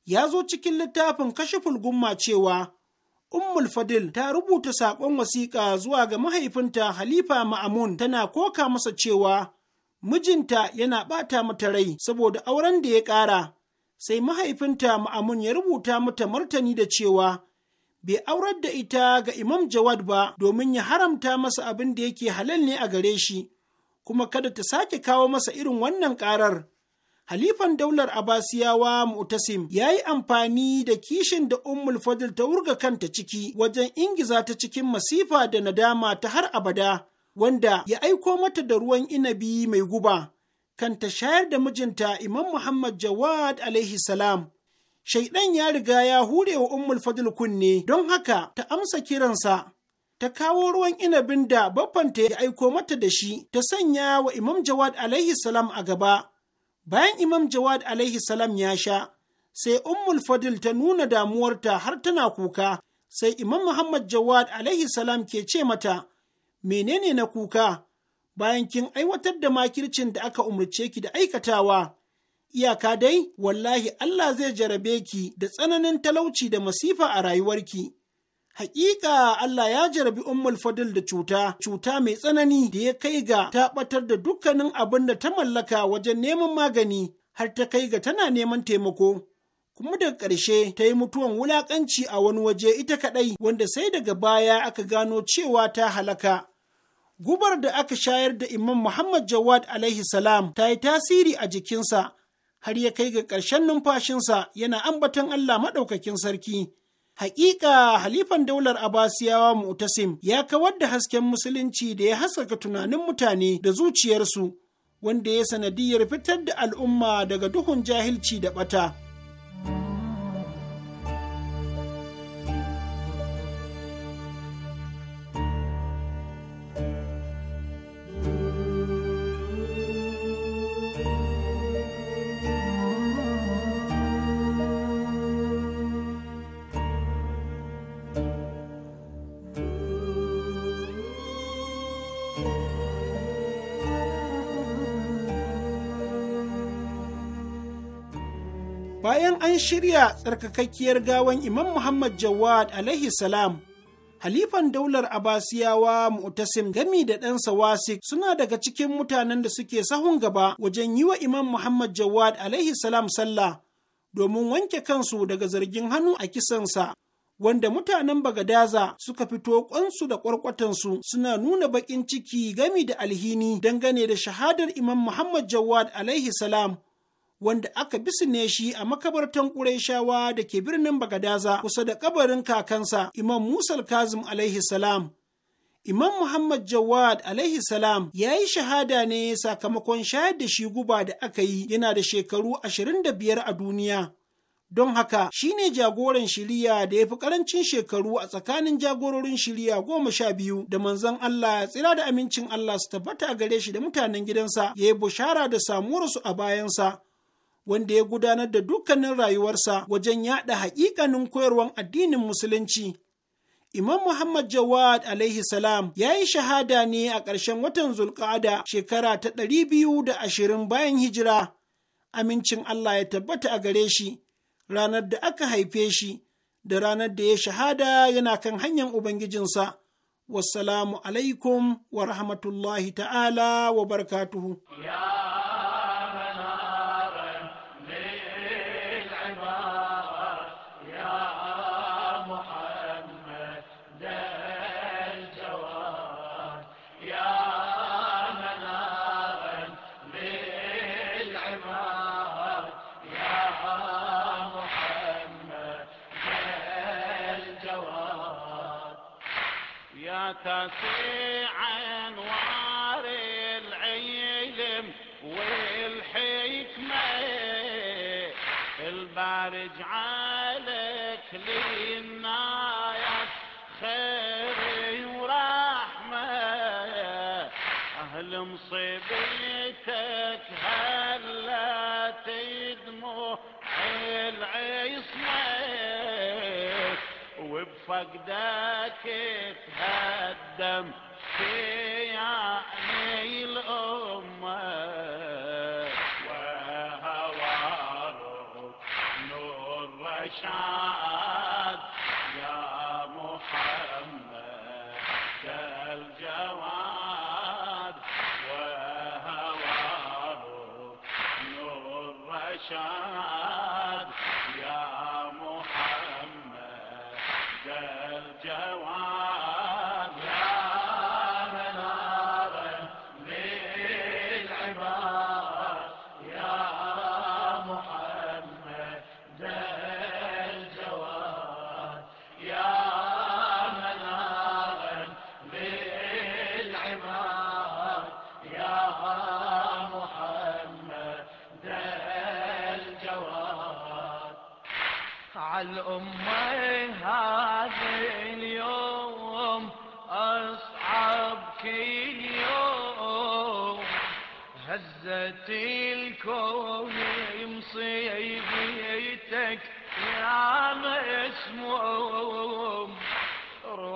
ya zo cikin littafin kashe fulgumma cewa Ummul Fadil ta rubuta saƙon wasiƙa zuwa ga mahaifinta Halifa Ma'amun tana koka masa cewa mijinta yana ɓata mata rai saboda auren da ya ƙara. Sai mahaifinta Ma'amun ya rubuta mata martani da cewa bai aurar da ita ga Imam Jawad ba domin ya haramta masa abin da yake halal ne a gare shi, kuma kada ta sake kawo masa irin wannan ƙarar. Halifan daular Abasiyawa Mu'tasim ya yi amfani da kishin da Ummul Fadl ta wurga kanta ciki wajen ingiza ta cikin masifa da nadama ta har abada, wanda ya aiko mata da ruwan inabi mai guba, kanta shayar da mijinta Imam Muhammad Jawad alaihi salam. Shaiɗan ya riga ya hure wa Ummul Fadl kunne, don haka ta amsa kiransa ta kawo ruwan inabin da baffanta ya aiko mata da shi ta sanya wa Imam Jawad alaihi salam a gaba. Bayan Imam Jawad alaihi salam ya sha, sai Ummul Fadil ta nuna damuwarta har tana kuka, sai Imam Muhammad Jawad alaihi salam ke ce mata, Menene na kuka? Bayan kin aiwatar da makircin da aka umarce ki da aikatawa, iyaka dai wallahi Allah zai jarabe ki da tsananin talauci da masifa a rayuwarki. Hakika Allah ya jarabi Ummul Fadil da cuta, cuta mai tsanani da ya kai ga ta ɓatar da dukkanin abin da ta mallaka wajen neman magani har ta kai ga tana neman taimako. Kuma daga ƙarshe ta yi mutuwan wulaƙanci a wani waje ita kaɗai wanda sai daga baya aka gano cewa ta halaka. Gubar da aka shayar da Imam Muhammad Jawad alaihi salam ta yi tasiri a jikinsa. har ya kai ga ƙarshen numfashinsa yana ambaton Allah maɗaukakin sarki. Hakika halifan daular Abasiyawa Mu'tasim ya kawar da hasken musulunci da ya haskaka tunanin mutane da zuciyarsu, wanda ya sanadiyar fitar da al'umma daga duhun jahilci da ɓata. an shirya tsarkakakkiyar gawan Imam Muhammad Jawad alaihi salam Halifan daular Abasiyawa Mu'tasim gami da ɗansa Wasik suna daga cikin mutanen da suke sahun gaba wajen yi wa Imam Muhammad Jawad alaihi salam sallah domin wanke kansu daga zargin hannu a kisansa wanda mutanen Bagadaza suka fito kwansu da kwarkwatansu suna nuna baƙin ciki gami da alhini dangane da shahadar Imam Muhammad Jawad alaihi salam wanda aka bisne shi a makabartan ƙuraishawa da ke birnin Bagadaza kusa da kabarin kakansa Imam Musa Kazim alaihi salam. Imam Muhammad Jawad alaihi salam ya yi shahada ne sakamakon shayar da shi guba da aka yi yana da shekaru ashirin da biyar a duniya. Don haka shi ne jagoran shiriya da ya fi ƙarancin shekaru a tsakanin jagororin shirya goma sha biyu da manzon Allah ya tsira da amincin Allah su tabbata gare shi da mutanen gidansa ya yi bushara da samuwarsu a bayansa. wanda ya gudanar da dukkanin rayuwarsa wajen yaɗa haƙiƙanin koyarwar addinin musulunci. Imam Muhammad Jawad alaihi salam ya yi shahada ne a ƙarshen watan Zulƙada shekara ta ɗari biyu da ashirin bayan hijira. Amincin Allah ya tabbata a gare shi, ranar da aka haife shi, da ranar da ya shahada yana kan hanyar Ubangijinsa. Wassalamu alaikum wa rahmatullahi ta'ala wa barakatuhu. Yeah. تسيع انوار العلم والحكمة البارج عليك للناس خير ورحمة أهل مصيبتك هلا تدمو العصمه فقدك تهدم في يعني الأم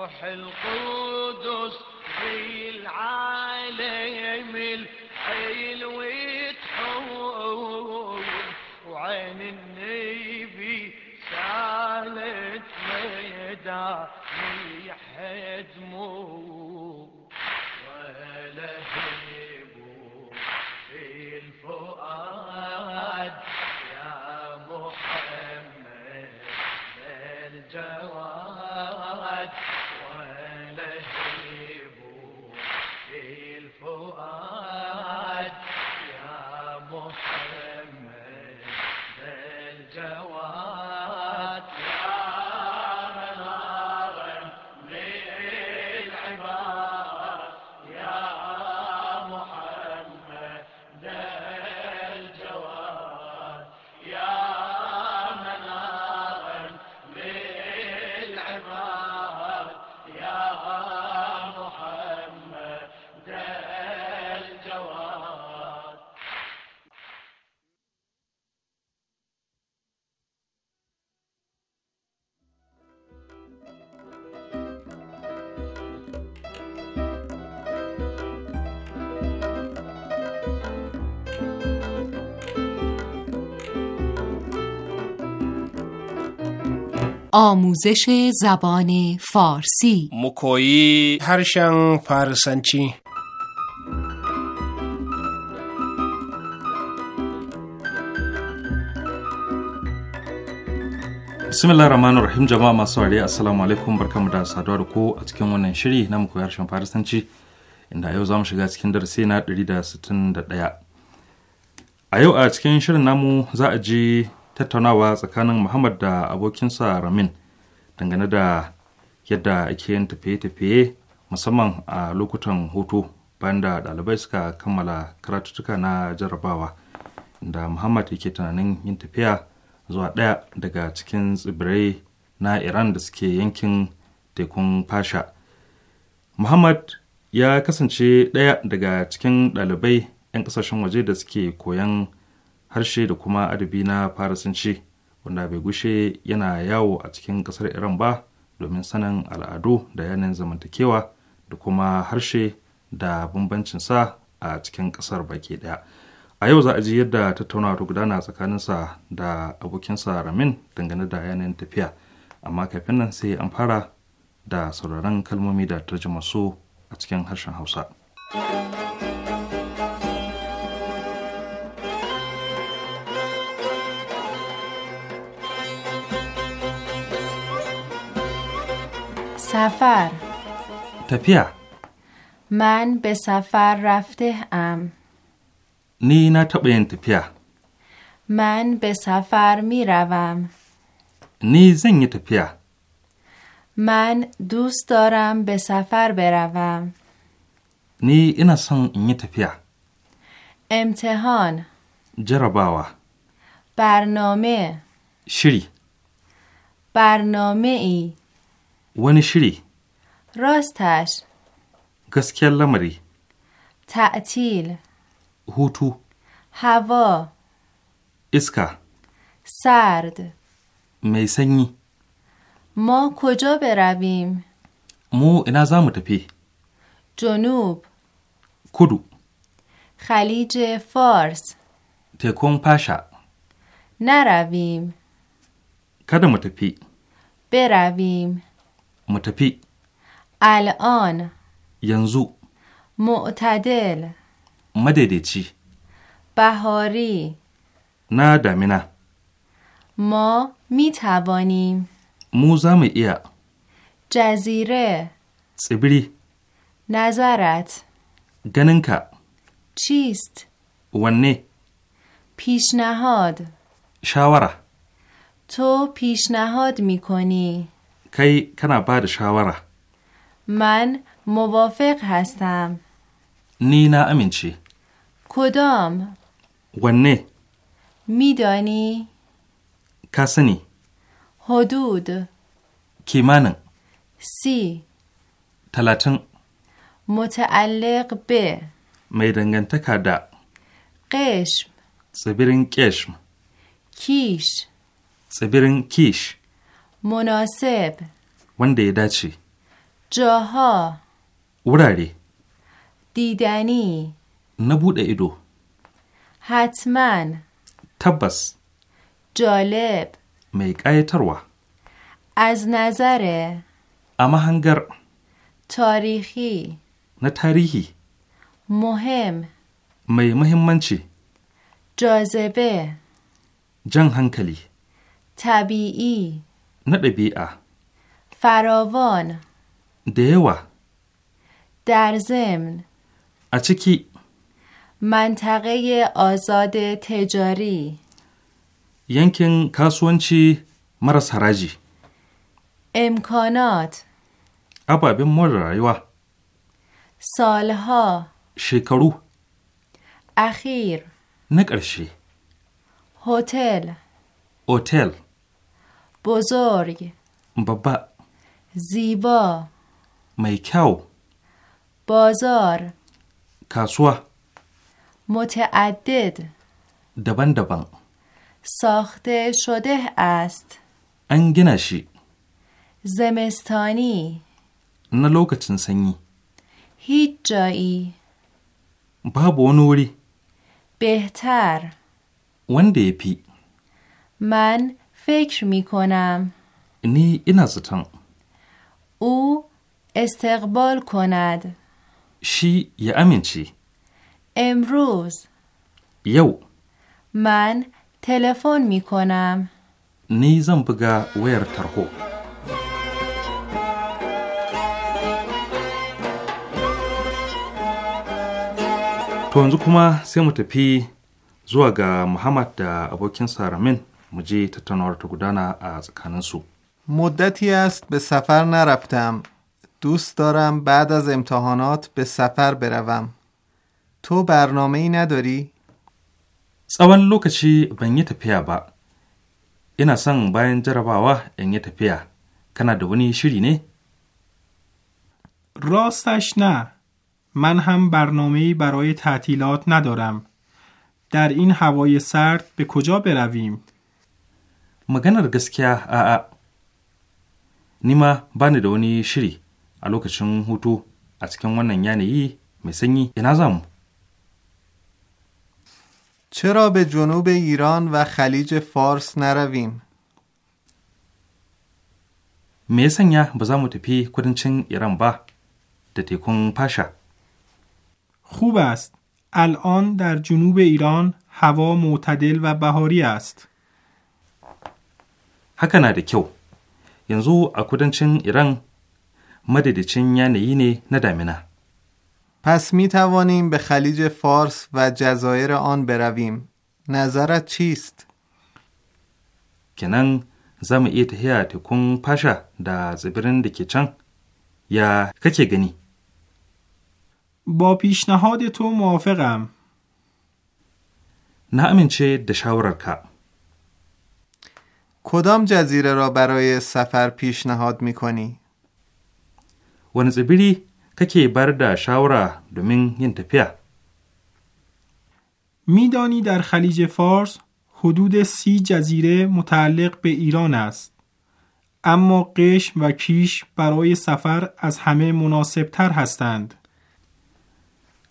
روح القدس آموزش زبان فارسی مکویی هرشن فارسنچی bismillah rahmanir rahim jama'a masu ware assalamu barkamu da saduwa ko a cikin wannan shiri na muku harshen farisanci inda yau shiga cikin darasi na 161 a yau a cikin shirin namu za a je. tattaunawa tsakanin muhammad da abokinsa ramin dangane da yadda ake yin tafiye-tafiye musamman a lokutan hutu bayan da ɗalibai suka kammala karatuttuka na jarabawa da muhammad yake tunanin yin tafiya zuwa ɗaya daga cikin tsibirai na iran da suke yankin tekun fasha muhammad ya kasance ɗaya daga cikin ɗalibai 'yan ƙasashen waje da suke koyan harshe da kuma adabi na farasanci wanda bai gushe yana yawo a cikin ƙasar iran ba domin sanin al'adu da yanayin zamantakewa da kuma harshe da bambancin sa a cikin ƙasar baki ɗaya a yau za a ji yadda tattaunawa ta gudana tsakaninsa da abokinsa ramin dangane da yanayin tafiya amma kafin nan sai an fara da sauraron kalmomi da tarjima su a cikin harshen hausa. سفر تپیا من به سفر رفته ام نی نه تبین تپیا من به سفر می روم نی زنگ تپیا من دوست دارم به سفر بروم نی اینا سن تپیا امتحان جرباوا برنامه شری برنامه ای wani shiri rostash gaskiyar lamari ta'til hutu hawa iska sard mai sanyi ma kujo berabim mu ina za mu tafi junub kudu خلیج فارس tekun fasha نرویم kada mu tafi برویم متپی الان ینزو معتدل مدیدیچی بهاری نه دامینا ما می توانیم موزم ایا جزیره سبری نظرت گننکا چیست ونه پیشنهاد شاوره تو پیشنهاد می کنی kai kana ba da shawara? Man mawafiq hastam. Ni na amince. Kodam. Wanne? Midani. Ka sani. Hudud. Kimanin. Si. Talatin. Muta'alliq be. Mai dangantaka da. Ƙesh. Tsibirin Ƙesh. Kish. Tsibirin Kish. مناسب wanda ya dace جاها wurare دیدنی na buɗe ido حتما tabbas جالب mai ƙayatarwa از نظر اما هنگر تاریخی نه تاریخی مهم می مهمنچی جاذبه جن هنکلی طبیعی نه طبیعه فراوان دیوا در ضمن اچکی منطقه آزاد تجاری ینکن کاسوانچی مرس حراجی امکانات ابابین مور رایوا سالها شکرو اخیر نقرشی هتل هتل بزرگ بابا زیبا میکاو بازار کاسوا متعدد دبن دبن ساخته شده است انگنشی زمستانی na lokacin sanyi. Hijja'i. Babu wani wuri. Behtar. Wanda ya fi. Man فکر می کنم نی این زتن او استقبال کند شی یا امین چی امروز یو من تلفن می کنم نی زن بگا ویر ترهو To yanzu kuma sai mu tafi zuwa ga Muhammad da abokinsa Ramin مجی تتنار تو گدانا از سو. مدتی است به سفر نرفتم دوست دارم بعد از امتحانات به سفر بروم تو برنامه ای نداری؟ tsawon لوکچی ban yi tafiya این ina son bayan jarabawa in yi tafiya راستش نه من هم برنامه برای تعطیلات ندارم در این هوای سرد به کجا برویم maganar gaskiya a'a ni ma ba ni da wani shiri a lokacin hutu a cikin wannan yanayi mai sanyi ina za mu چرا به جنوب ایران و خلیج فارس نرویم؟ me ya sanya ba za mu tafi kudancin Iran ba da tekun Fasha? خوب است. الان در جنوب ایران هوا معتدل و بهاری است. haka na da kyau yanzu a kudancin iran madadicin yanayi ne na damina پس می توانیم به خلیج فارس و جزایر آن برویم. نظرت چیست؟ کنن زم ایت هیا تکون پاشا دا زبرن دکی چن یا کچه گنی؟ با پیشنهاد تو موافقم. نه امین چه دشاورر که. کدام جزیره را برای سفر پیشنهاد می کنی؟ ونزبیری ککی برده شاورا دومین ین تپیا میدانی در خلیج فارس حدود سی جزیره متعلق به ایران است اما قشم و کیش برای سفر از همه تر هستند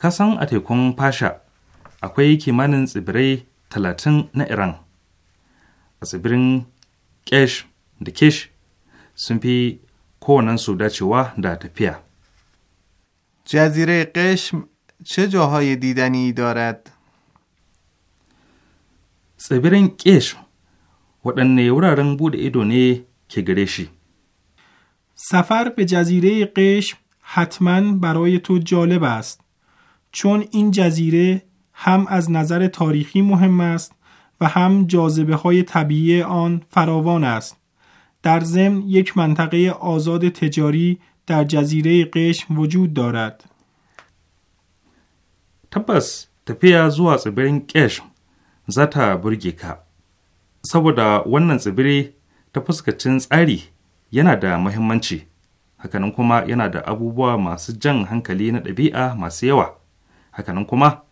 کسان اتکون پاشا اکوی کمانن تسبری تلاتن نه ایران از کش da kish sun fi کوننسو پیا. جزیره قشم چه جاهای دیدنی دارد؟ tsibirin ƙish waɗanne wuraren بود ido که ke سفر به جزیره قشم حتما برای تو جالب است چون این جزیره هم از نظر تاریخی مهم است و هم جاذبه های طبیعی آن فراوان است. در ضمن یک منطقه آزاد تجاری در جزیره قشم وجود دارد. تپس تپیا زوا tsibirin kesh za ta burge ka saboda wannan tsibiri ta fuskacin tsari yana da muhimmanci hakanan kuma yana da abubuwa masu jan hankali na ɗabi'a masu yawa hakanan kuma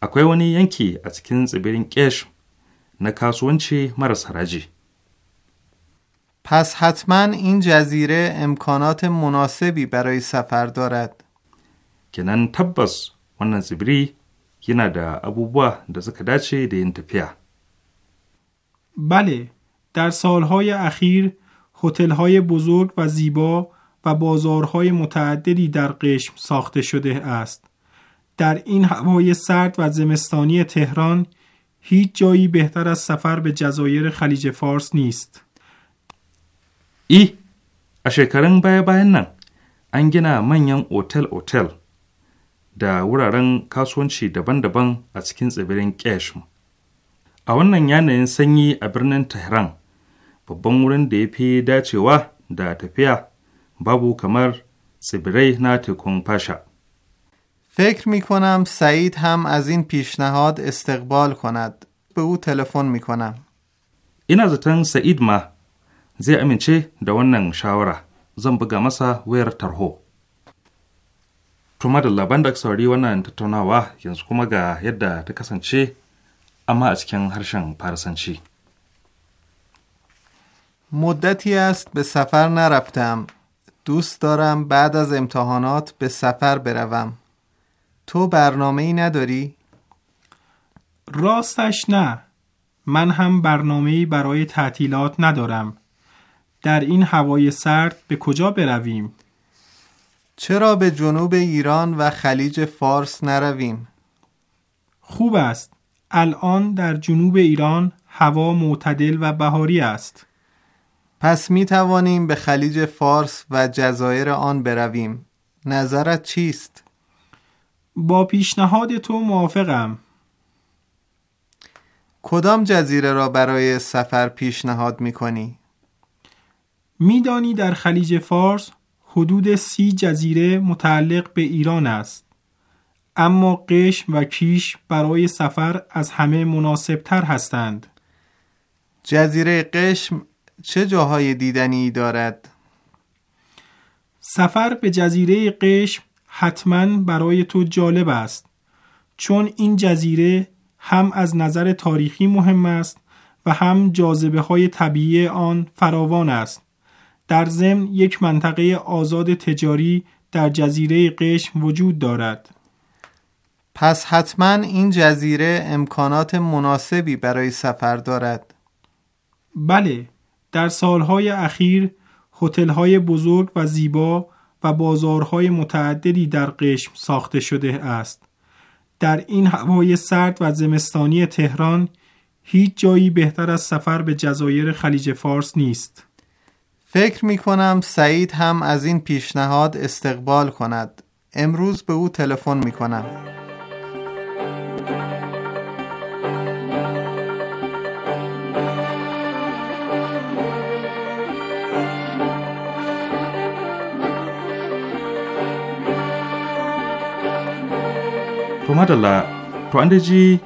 akwai wani yanki a cikin tsibirin kesh. نه کاسونچی مرس پس حتما این جزیره امکانات مناسبی برای سفر دارد نن تبس یه tsibiri yana da abubuwa دا suka بله در سالهای اخیر هتل‌های بزرگ و زیبا و بازارهای متعددی در قشم ساخته شده است. در این هوای سرد و زمستانی تهران هیچ جایی بهتر از سفر به جزایر خلیج فارس نیست. ای a shekarun baya-bayan nan an gina manyan otal-otal da wuraren kasuwanci daban-daban a cikin tsibirin Keshm. A wannan yanayin sanyi a birnin Tehran, babban wurin da ya fi dacewa da tafiya babu kamar tsibirai na tekun fasha. فکر می کنم سعید هم از این پیشنهاد استقبال کند به او تلفن می کنم اینا زتن سعید ما زی امینچه چه دوانن شاوره ؟ زم بگا مسا ویر ترهو to madalla ban da saurari wannan tattaunawa yanzu kuma ga yadda اما از کن هرشن پرسنچی مدتی است به سفر نرفتم دوست دارم بعد از امتحانات به سفر بروم تو برنامه ای نداری؟ راستش نه من هم برنامه برای تعطیلات ندارم در این هوای سرد به کجا برویم؟ چرا به جنوب ایران و خلیج فارس نرویم؟ خوب است الان در جنوب ایران هوا معتدل و بهاری است پس می توانیم به خلیج فارس و جزایر آن برویم نظرت چیست؟ با پیشنهاد تو موافقم کدام جزیره را برای سفر پیشنهاد می کنی؟ میدانی در خلیج فارس حدود سی جزیره متعلق به ایران است اما قشم و کیش برای سفر از همه مناسبتر هستند جزیره قشم چه جاهای دیدنی دارد؟ سفر به جزیره قشم حتما برای تو جالب است چون این جزیره هم از نظر تاریخی مهم است و هم جاذبه های طبیعی آن فراوان است در ضمن یک منطقه آزاد تجاری در جزیره قشم وجود دارد پس حتما این جزیره امکانات مناسبی برای سفر دارد بله در سالهای اخیر هتل‌های بزرگ و زیبا و بازارهای متعددی در قشم ساخته شده است. در این هوای سرد و زمستانی تهران هیچ جایی بهتر از سفر به جزایر خلیج فارس نیست. فکر می کنم سعید هم از این پیشنهاد استقبال کند. امروز به او تلفن می کنم. To madalla, to an ji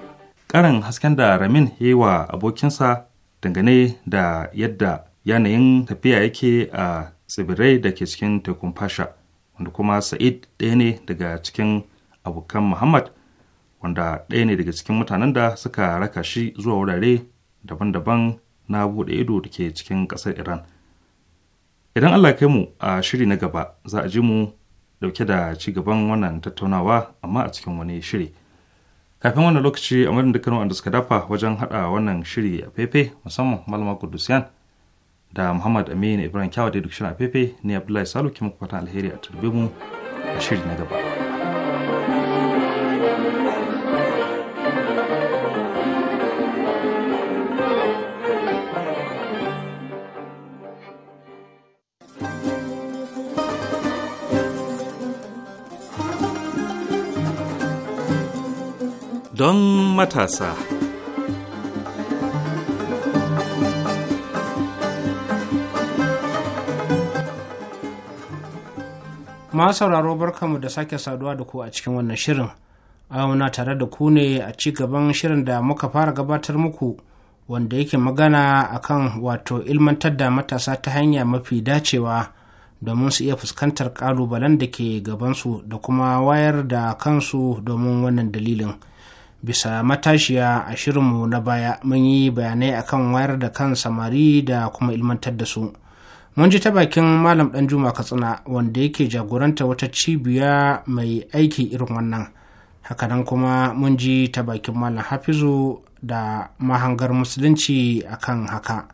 karin hasken da Ramin ya wa abokinsa dangane da yadda yanayin tafiya yake a tsibirai da ke cikin tekun fasha, wanda kuma Sa'id ɗaya ne daga cikin abokan Muhammad, wanda ɗaya ne daga cikin mutanen da suka raka shi zuwa wurare daban-daban na buɗe ido da ke cikin ƙasar Iran. Idan Allah kai mu a shiri na gaba, za a ji mu dauke da ci gaban wannan tattaunawa amma a cikin wani shiri kafin wannan lokaci a madadin dukkan wanda suka dafa wajen hada wannan shiri a fefe musamman malama kudusiyan da muhammad amini ibrahim kyawa da duk shirin a fefe ne abdullahi salu ke muku fatan alheri a turbe mu a shiri na gaba don matasa. Ma sauraro barkamu da sake saduwa da ku a cikin wannan shirin. a muna tare da ku ne a ci gaban shirin da muka fara gabatar muku wanda yake magana akan wato ilmantar da matasa ta hanya mafi dacewa domin su iya fuskantar kalubalen da ke gabansu da kuma wayar da kansu domin wannan dalilin. bisa matashiya a shirinmu na baya mun yi bayanai akan wayar da kan samari da kuma ilmantar da su mun ji ta bakin malam dan juma katsina wanda yake jagoranta wata cibiya mai aiki irin wannan hakanan kuma mun ji ta bakin malam hafizu da mahangar musulunci akan haka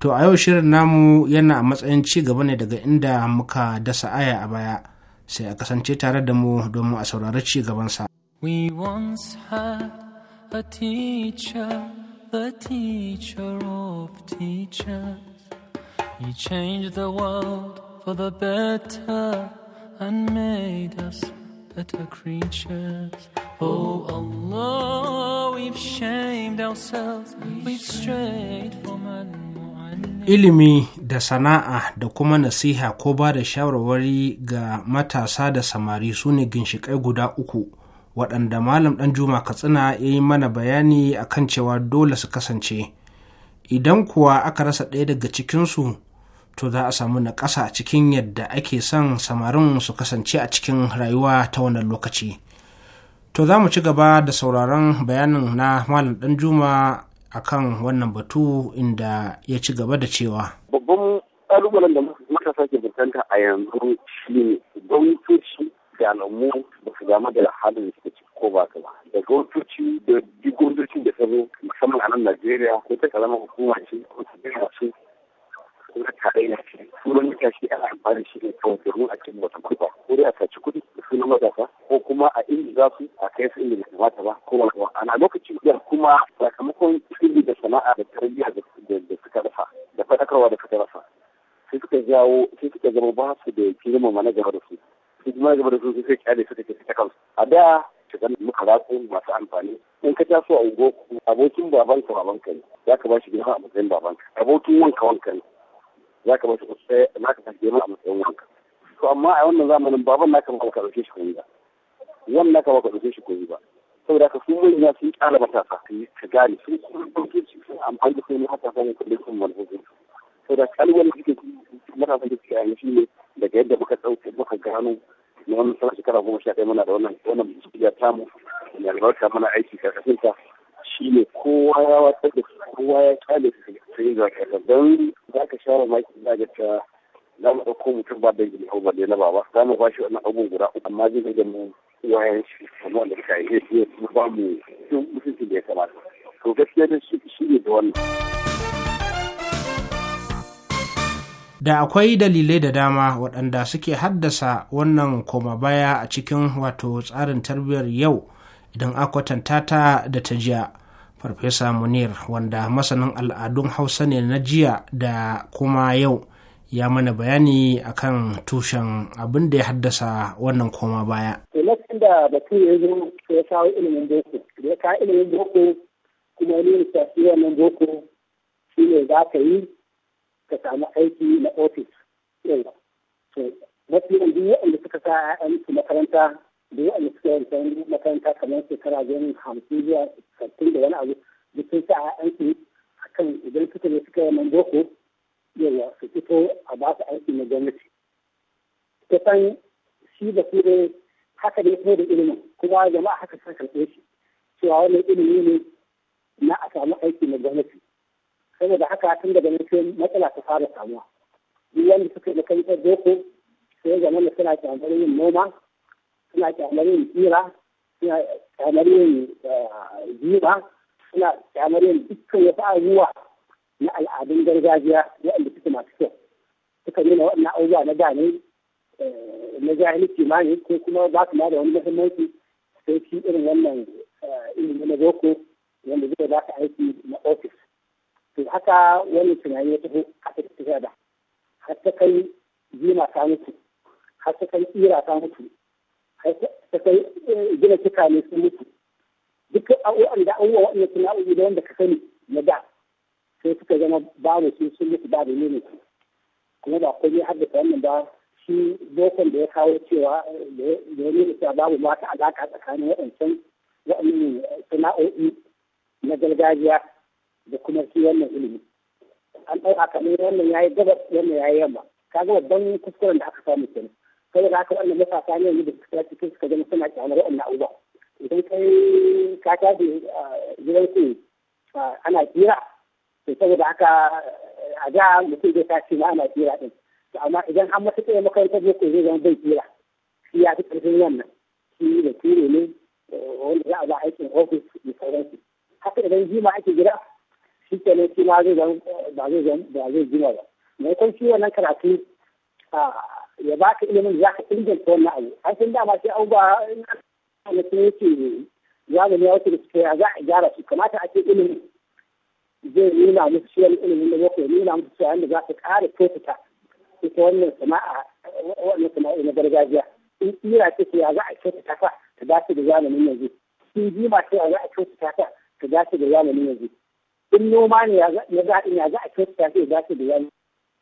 to a yau shirin namu yana a matsayin ci gaba ne daga inda muka dasa aya a baya sai a kasance tare da mu domin a saurari ci gabansa. We once had a teacher, the teacher of teachers. He changed the world for the better and made us better creatures. Oh Allah, we've shamed ourselves, we've strayed from a ilimi da sana'a da kuma nasiha ko ba da shawarwari ga matasa da samari su ne ginshiƙai guda uku waɗanda malam ɗan juma katsina ya yi mana bayani a kan cewa dole su kasance idan kuwa aka rasa ɗaya daga cikinsu to za a samu na ƙasa a cikin yadda ake son samarin su kasance a cikin rayuwa ta wannan lokaci to za mu ci gaba da sauraron bayanin na malam ɗan juma a kan wannan batu inda ya ci gaba da cewa babban ƙalubalen da muka ke a yanzu shine gwamnatoci da mu ba su gama da halin da suka ci ko ba ka ba da gwamnatoci da duk gwamnatocin da ta zo musamman a nan najeriya ko ta kalama hukuma ce ko ta gina masu ko ta tarayya ce ta shi ana amfani shi ne kawai da ruwa a cikin wata kurba ko dai a saci kuɗi da sunan matasa ko kuma a inda za su a kai su inda ba ta ba ko wani ba ana lokacin da kuma sakamakon ilimi da sana'a da tarbiyya da suka rasa da faɗakarwa da suka rasa sai suka jawo sai suka zama ba su da girmama na gaba da su su gaba da sai kyale su take ta kansu a da muka masu amfani in ka taso a ungo abokin babanka babanka ne za ka ba shi girma a matsayin abokin wanka wanka ne za ka ba shi ka girma a matsayin wanka to amma a wannan zamanin baban naka ba ka dauke shi koyi ba wannan naka ba ka dauke shi ba saboda manya sun matasa ka gane sun kuma shi sun amfani da sun saboda da suke matasa da suke a ne daga yadda muka ɗauke muka gano na wannan sana shekara goma sha ɗaya muna da wannan wannan biya tamu mai albarka mana aiki karkashin ta shi ne kowa ya wata da kowa ya kyale su sai ga kasa don za ka sha maki za ga ta za mu ɗauko mutum ba da jini ba da na baba za mu shi wannan abubuwan guda uku amma zai zai mu wayan shi kuma wanda ka yi zai ba mu mutuncin da ya kamata to gaskiya da shi ne da wannan. da akwai dalilai da dama waɗanda suke haddasa wannan koma baya a cikin wato tsarin tarbiyyar yau idan akwatanta ta da ta jiya farfesa munir wanda masanin al'adun hausa ne na jiya da kuma yau ya mana bayani akan tushen abin da ya haddasa wannan koma baya. lokacin da batu ya zo ya kawo ilimin boko ya kawo ilimin boko kuma ne ya shafi wannan boko shi ne za ka yi ولكن أي تي نأوتيس يلا ما في عندي اللي تكتا أن في مثلاً تا دي اللي تكتا أن في مثلاً تا كمان في كراجين خمسين يا ستين ده أنا أقول دي تكتا أن في كان إذا كنت اللي تكتا من دوكو يلا في كتو أبعت أن في مجانتي كتاني شيء بس اللي حتى اللي يسمى الإلمة كل واحد ما حكى سكر إيش شو عارف الإلمة ما أتعمل أي في مجانتي saboda haka tun daga nufin matsala ta fara samuwa duk wanda suka yi makarantar boko sai zama da suna kyamar yin noma suna kyamar yin tsira suna kyamar yin eh, jiba suna kyamar yin dukkan wasu abubuwa na al'adun gargajiya wa'anda suke masu kyau suka nuna waɗannan abubuwa na da ne eh, na jahilci ma ne ko kuma ba su ma da wani muhimmanci sai shi irin wannan eh, ilimi na boko wanda zai ba ka aiki na ofis to haka wani tunani ya taho a ta da har ta kai jima ta mutu har ta kai tsira ta mutu har ta kai eh, gina cika ne sun mutu duk abubuwan da abubuwa waɗanda suna da wanda ka sani na da sai suka zama babu su sun mutu babu ne mutu kuma ba har da wannan ba shi bokon da ya kawo cewa da wani nuna cewa babu mata alaƙa tsakanin waɗancan wa'annan eh, sana'o'i na gargajiya da kuma shi wannan ilimi an ɗauka kamar wannan ya yi gabas wannan ya yi yamma kaga babban kuskuren da aka samu kenan saboda haka wannan matasa ne da suka cikin suka zama suna kyamar waɗannan uba idan kai ka tafi gidan ku ana tsira to saboda haka a da mutum zai tashi ma ana tsira din to amma idan an mata makaranta zai ko zai zama bai tsira shi ya fi ƙarfin wannan shi da tsire ne eh, wanda za a ba aikin ofis da sauransu haka idan jima ake gida shi ke nan shi na zai zan ba zai zan ba zai gina ba me kai shi wannan karatu ya ba ka ilimin za ka inganta wannan abu an san dama sai abubuwa na sun yake ne ya wuce da suke ya za a gyara su kamata a ce ilimin zai nuna musu shi wani ilimin da boko nuna musu shi wanda za su ƙara kyautata ita wannan sana'a wannan sana'a na gargajiya in tsira ce ya za a kyautata ta ta dace da zamanin yanzu in jima ce ya za a kyautata ta ta dace da zamanin yanzu in noma ne ya za ya za a kai ta za su da yanzu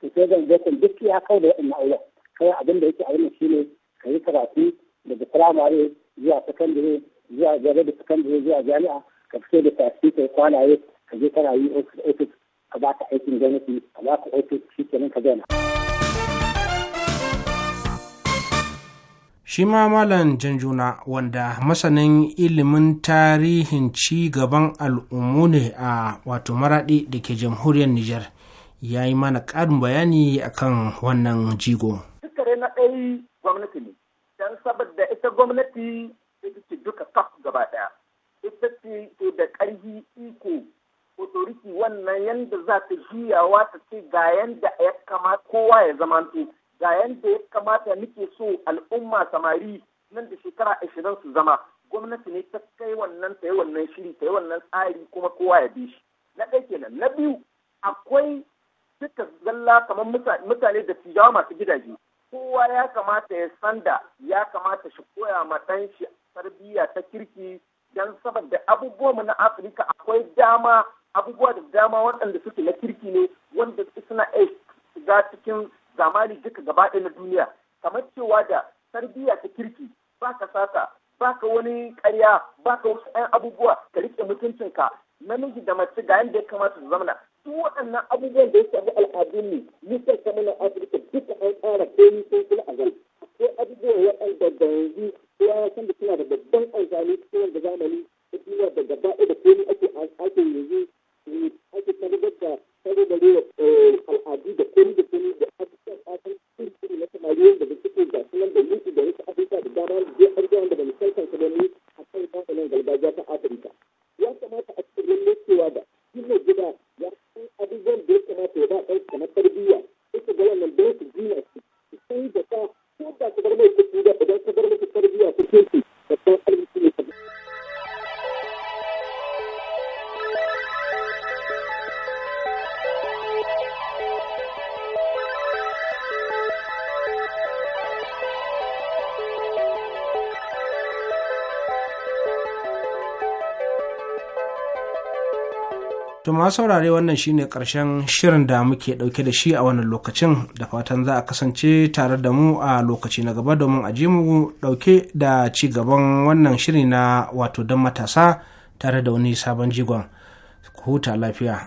to sai zan gaisan duk ya kau da wannan aure kai abin da yake a wannan shine ka yi karatu daga firamare zuwa sakandare zuwa gaba da sakandare zuwa jami'a ka fito da tafi kai kwanaye ka je kana yi office ka ba ka aikin gwamnati ka ba ka office shi kenan ka zauna. shi ma malam janjuna wanda masanin ilimin tarihin ci gaban al'ummu ne a wato maraɗi da ke jamhuriyar niger ya yi mana ƙarin bayani akan wannan jigo kare na ɗai gwamnati ne don saboda ita gwamnati ita ce duka kaf gaba ɗaya ita ce ke da ƙarfi iko otoriki wannan yanda za ta juyawa ta ce ga yanda ya kama kowa ya zama zamanto ga yanda ya kamata nake so al'umma samari nan da shekara ashirin su zama gwamnati ne ta kai wannan ta yi wannan shiri ta yi wannan tsari kuma kowa ya bi shi na ɗaya kenan na biyu akwai duka zalla kamar mutane da tijawa masu gidaje kowa ya kamata ya san da ya kamata shi koya ma ɗan shi tarbiyya ta kirki dan saboda abubuwan mu na afirka akwai dama abubuwa da dama waɗanda suke na kirki ne wanda suna iya shiga cikin zamani duka gaba na duniya kamar cewa da tarbiyya ta kirki ba ka sata ba ka wani karya ba ka wasu ɗan abubuwa ka riƙe mutuncinka namiji da mace ga yadda ya kamata su zamana duk waɗannan abubuwan da ya shafi al'adun ne nisan na afirka duka an ƙara komi sun kula a gari ko ya ɗan da yanzu ya san da suna da babban amfani cikin wanda zamani ta duniya da gaba ɗaya da komi ake yanzu ake ta zubar da da eh, al'adu da komi da komi da na samari wanda da suke ga da yuki da wasu abubuwa da dama da zai arzuwa da ba mu san kansa a kan kasanin ta afirka ya kamata a cikin lalle cewa da shi gida ya san da ya kamata ya ba na tarbiyya suka ga wannan su gina su su san da ta ko da idan ka bar musu tarbiyya ta kirki da arziki ne ta To ma saurare wannan shine karshen shirin da muke dauke da shi a wannan lokacin da fatan za a kasance tare da mu a lokaci na gaba domin a mu dauke da ci gaban wannan shiri na wato don matasa tare da wani sabon jigon huta lafiya.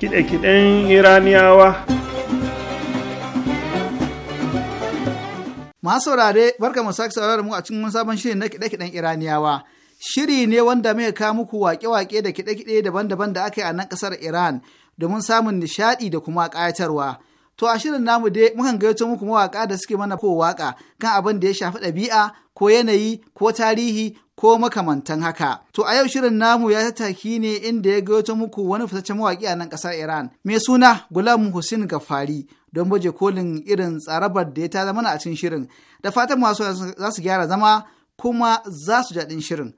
kiɗe-kiɗen iraniyawa masu saurare barka mu sake saurare mu a cikin sabon shirin na kiɗe-kiɗen iraniyawa shiri ne wanda muka kawo muku wake-wake da kiɗe-kiɗe daban-daban da aka yi a nan kasar iran domin samun nishaɗi da kuma kayatarwa To a shirin namu dai mukan gayyato muku mawaƙa da suke mana ko waƙa kan abin da ya shafi ɗabi'a ko yanayi ko tarihi ko makamantan haka. To a yau shirin namu ya tattaki ne inda ya gayyato muku wani fitaccen mawaƙi a nan ƙasar Iran mai suna Gulam Hussein Gafari don baje kolin irin tsarabar da ya ta mana a cikin shirin. Da fatan masu za su gyara zama kuma za su jaɗin shirin.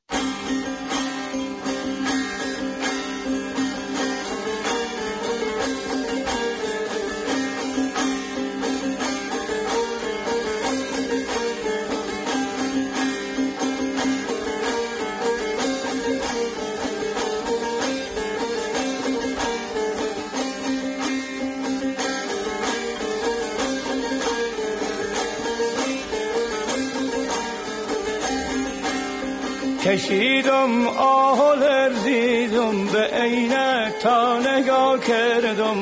کشیدم آه و به عین تا نگاه کردم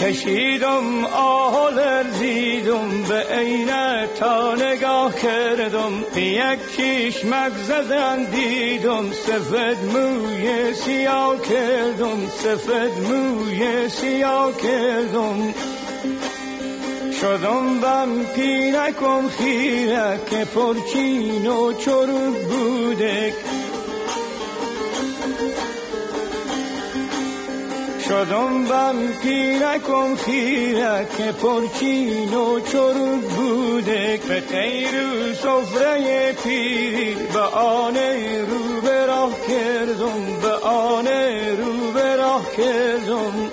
کشیدم آه و به عینه تا نگاه کردم یک چشمک مگزدن دیدم سفد موی سیاه کردم سفد موی سیاه کردم شدم بم پیرکم خیره که پرچین و چروک بودک شدم بم پینکم خیره که پرچین و چروک بودک به تیرو صفره پیری به آن رو به راه کردم به آن رو به راه کردم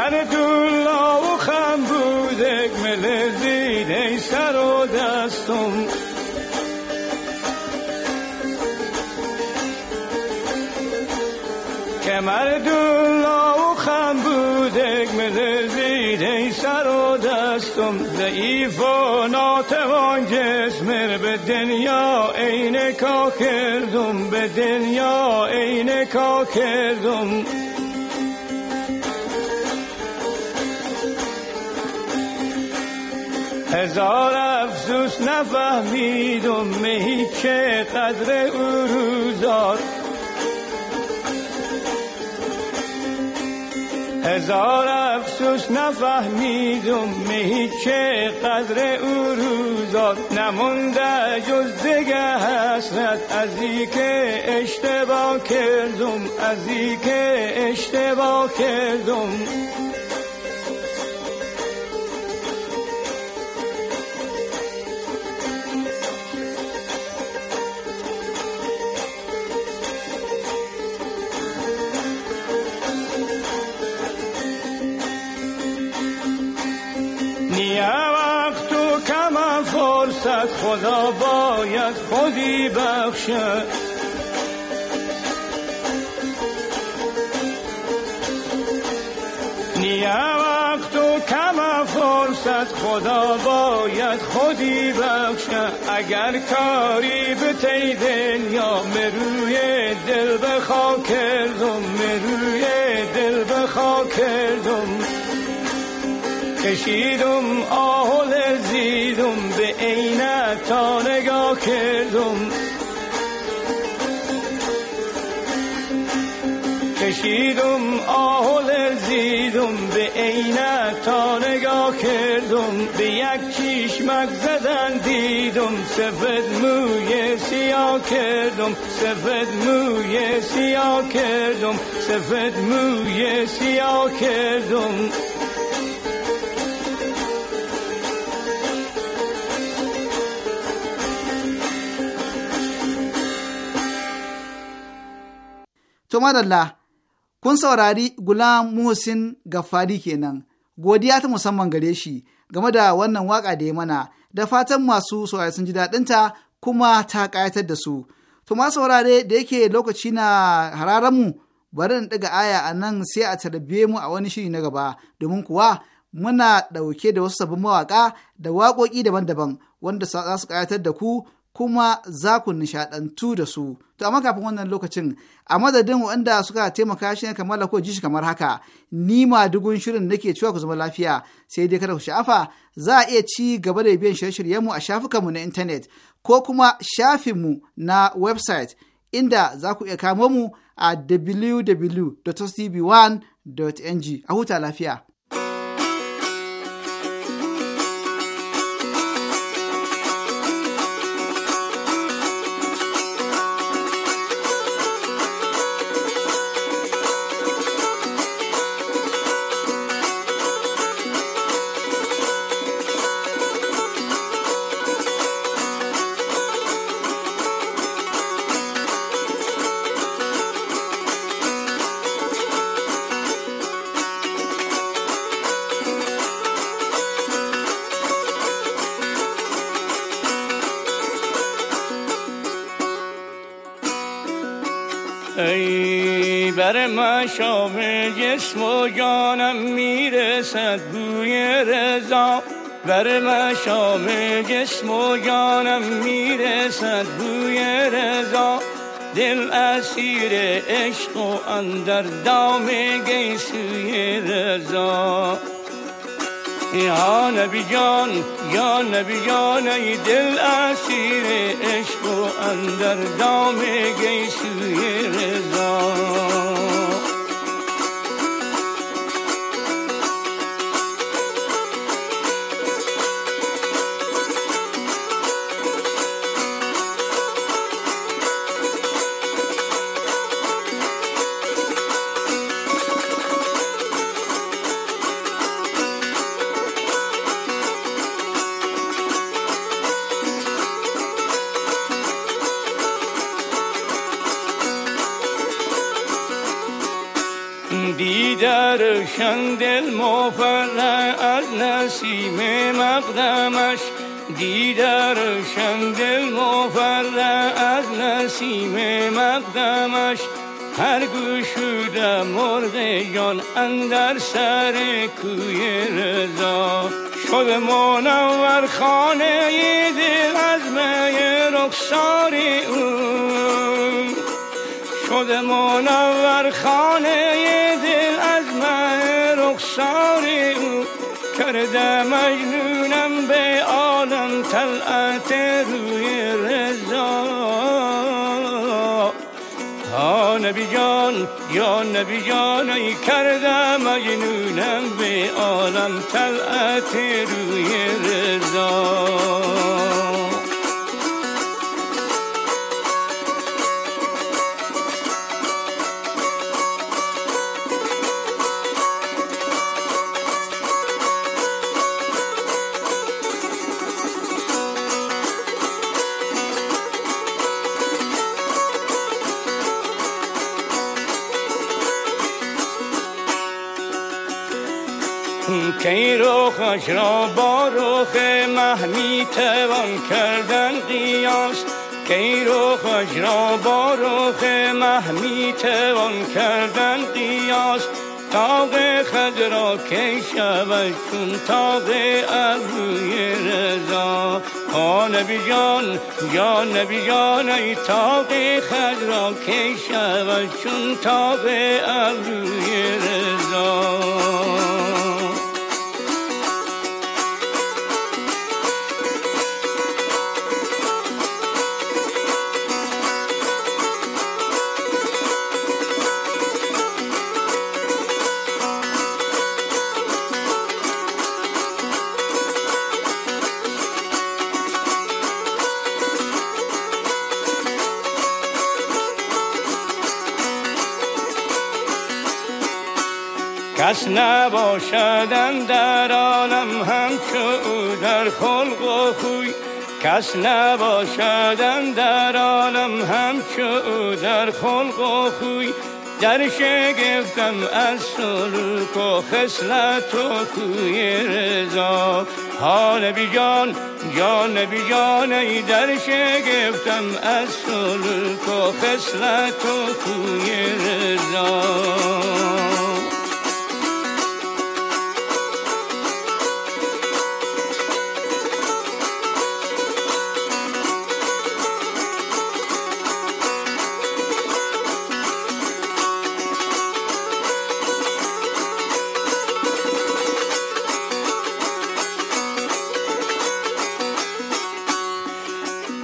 من دولا و خم بود اکمل زیده سر و دستم کمر دولا و خم بود اکمل زیده سر و دستم ضعیف و ناتوان جسمر به دنیا عین کا کردم به دنیا عین کا کردم هزار افسوس نفهمیدم مهی که قدر او روزار هزار افسوس نفهمیدم مهی که قدر او روزار نمونده جز دگه حسرت از ای که اشتباه کردم از ای که اشتباه کردم نیه وقت و فرصت خدا باید خودی بخشد اگر کاری به تی دنیا مروی دل بخوا کردم مروی دل بخوا کردم کشیدم آه زیدم تا نگاه کردم کشیدم آه و به عینه تا نگاه کردم به یک چشمک زدن دیدم سفد موی سیاه کردم سفد موی سیاه کردم سفد موی سیاه کردم To madalla, kun saurari Gulam Muhsin Gaffari kenan, godiya ta musamman gare shi game da wannan waka da ya mana, da fatan masu saurari sun ji daɗinta kuma ta ƙayatar da su. To ma saurare da yake lokaci na hararanmu bari in ɗaga aya a nan sai a tarbe mu a wani shiri na gaba, domin kuwa muna ɗauke da wasu sabbin mawaƙa da waƙoƙi daban-daban wanda za su ƙayatar da ku kuma za ku nishadantu da su. To amma kafin wannan lokacin a madadin waɗanda suka taimaka shi ne kamar ko ji shi kamar haka ni ma dugun shirin nake cewa ku zama lafiya sai dai kada ku sha'afa za a iya ci gaba da biyan shirye-shiryenmu a shafukanmu na intanet ko kuma shafinmu na website inda za ku iya kamo mu a www.tv1.ng a huta lafiya. چشم و جانم میرسد بوی رضا بر مشام جسم و جانم میرسد بوی رضا دل اسیر عشق و اندر دام گیسوی رضا یا نبی جان یا نبی جان ای دل اسیر عشق و اندر دام گیسوی رضا دیدر شمدل مفرده از نسیم مقدمش هر گوشوده مرغ جان اندر سر کوی رضا شد منور خانه دل از می رخسار او شد منور خانه دل از می رخسار او کرده مجنون طلعت روی رضا ها نبی جان یا نبی جان ای کرده مجنونم به عالم طلعت روی رضا رخش را با رخ مه می توان کردن قیاس کی رخش را با رخ مه می توان کردن قیاس تاق خد را کی شود چون تاق رضا ها نبی جان یا نبی جان ای تاق خد را کی شود چون تاق ابروی رضا کس نباشدن در عالم همچو او در خلق و خوی کس نباشدن در عالم همچو او در خلق و خوی در شگفتم از سلوک و خسلت و کوی رضا حال بی جان جان بی جان ای در شگفتم از سلوک و خسلت و کوی رضا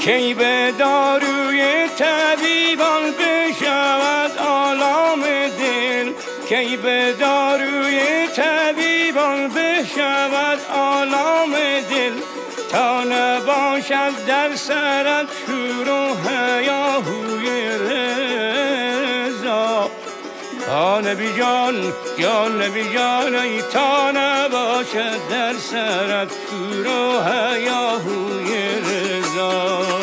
کی به داروی طبیبان بشود آلام دل کی به داروی طبیبان بشود آلام دل تا نباشد در سرت شور و هیاهوی رضا تا نبی جان یا نبی جان ای تا نباشد در سرت شور و هیاهوی رضا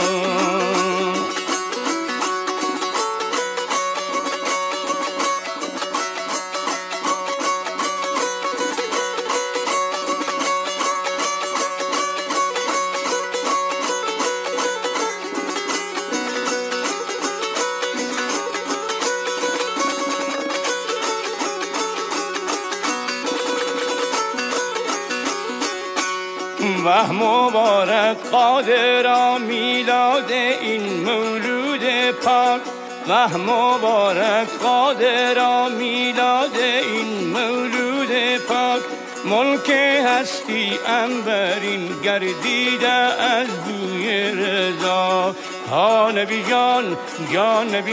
ماه مبارک قادر میلاد این مولود پاک ماه مبارک قادر میلاد این مولود پاک ملک هستی انبرین گردیده از بوی رضا ها نبی جان جان نبی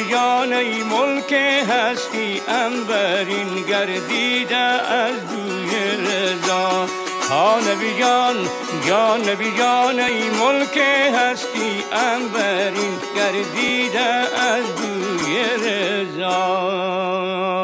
ای ملک هستی انبرین گردیده از بوی رضا ها نبی جان بیگانه ای ملک هستی انبرین گردیده از دوی رزان،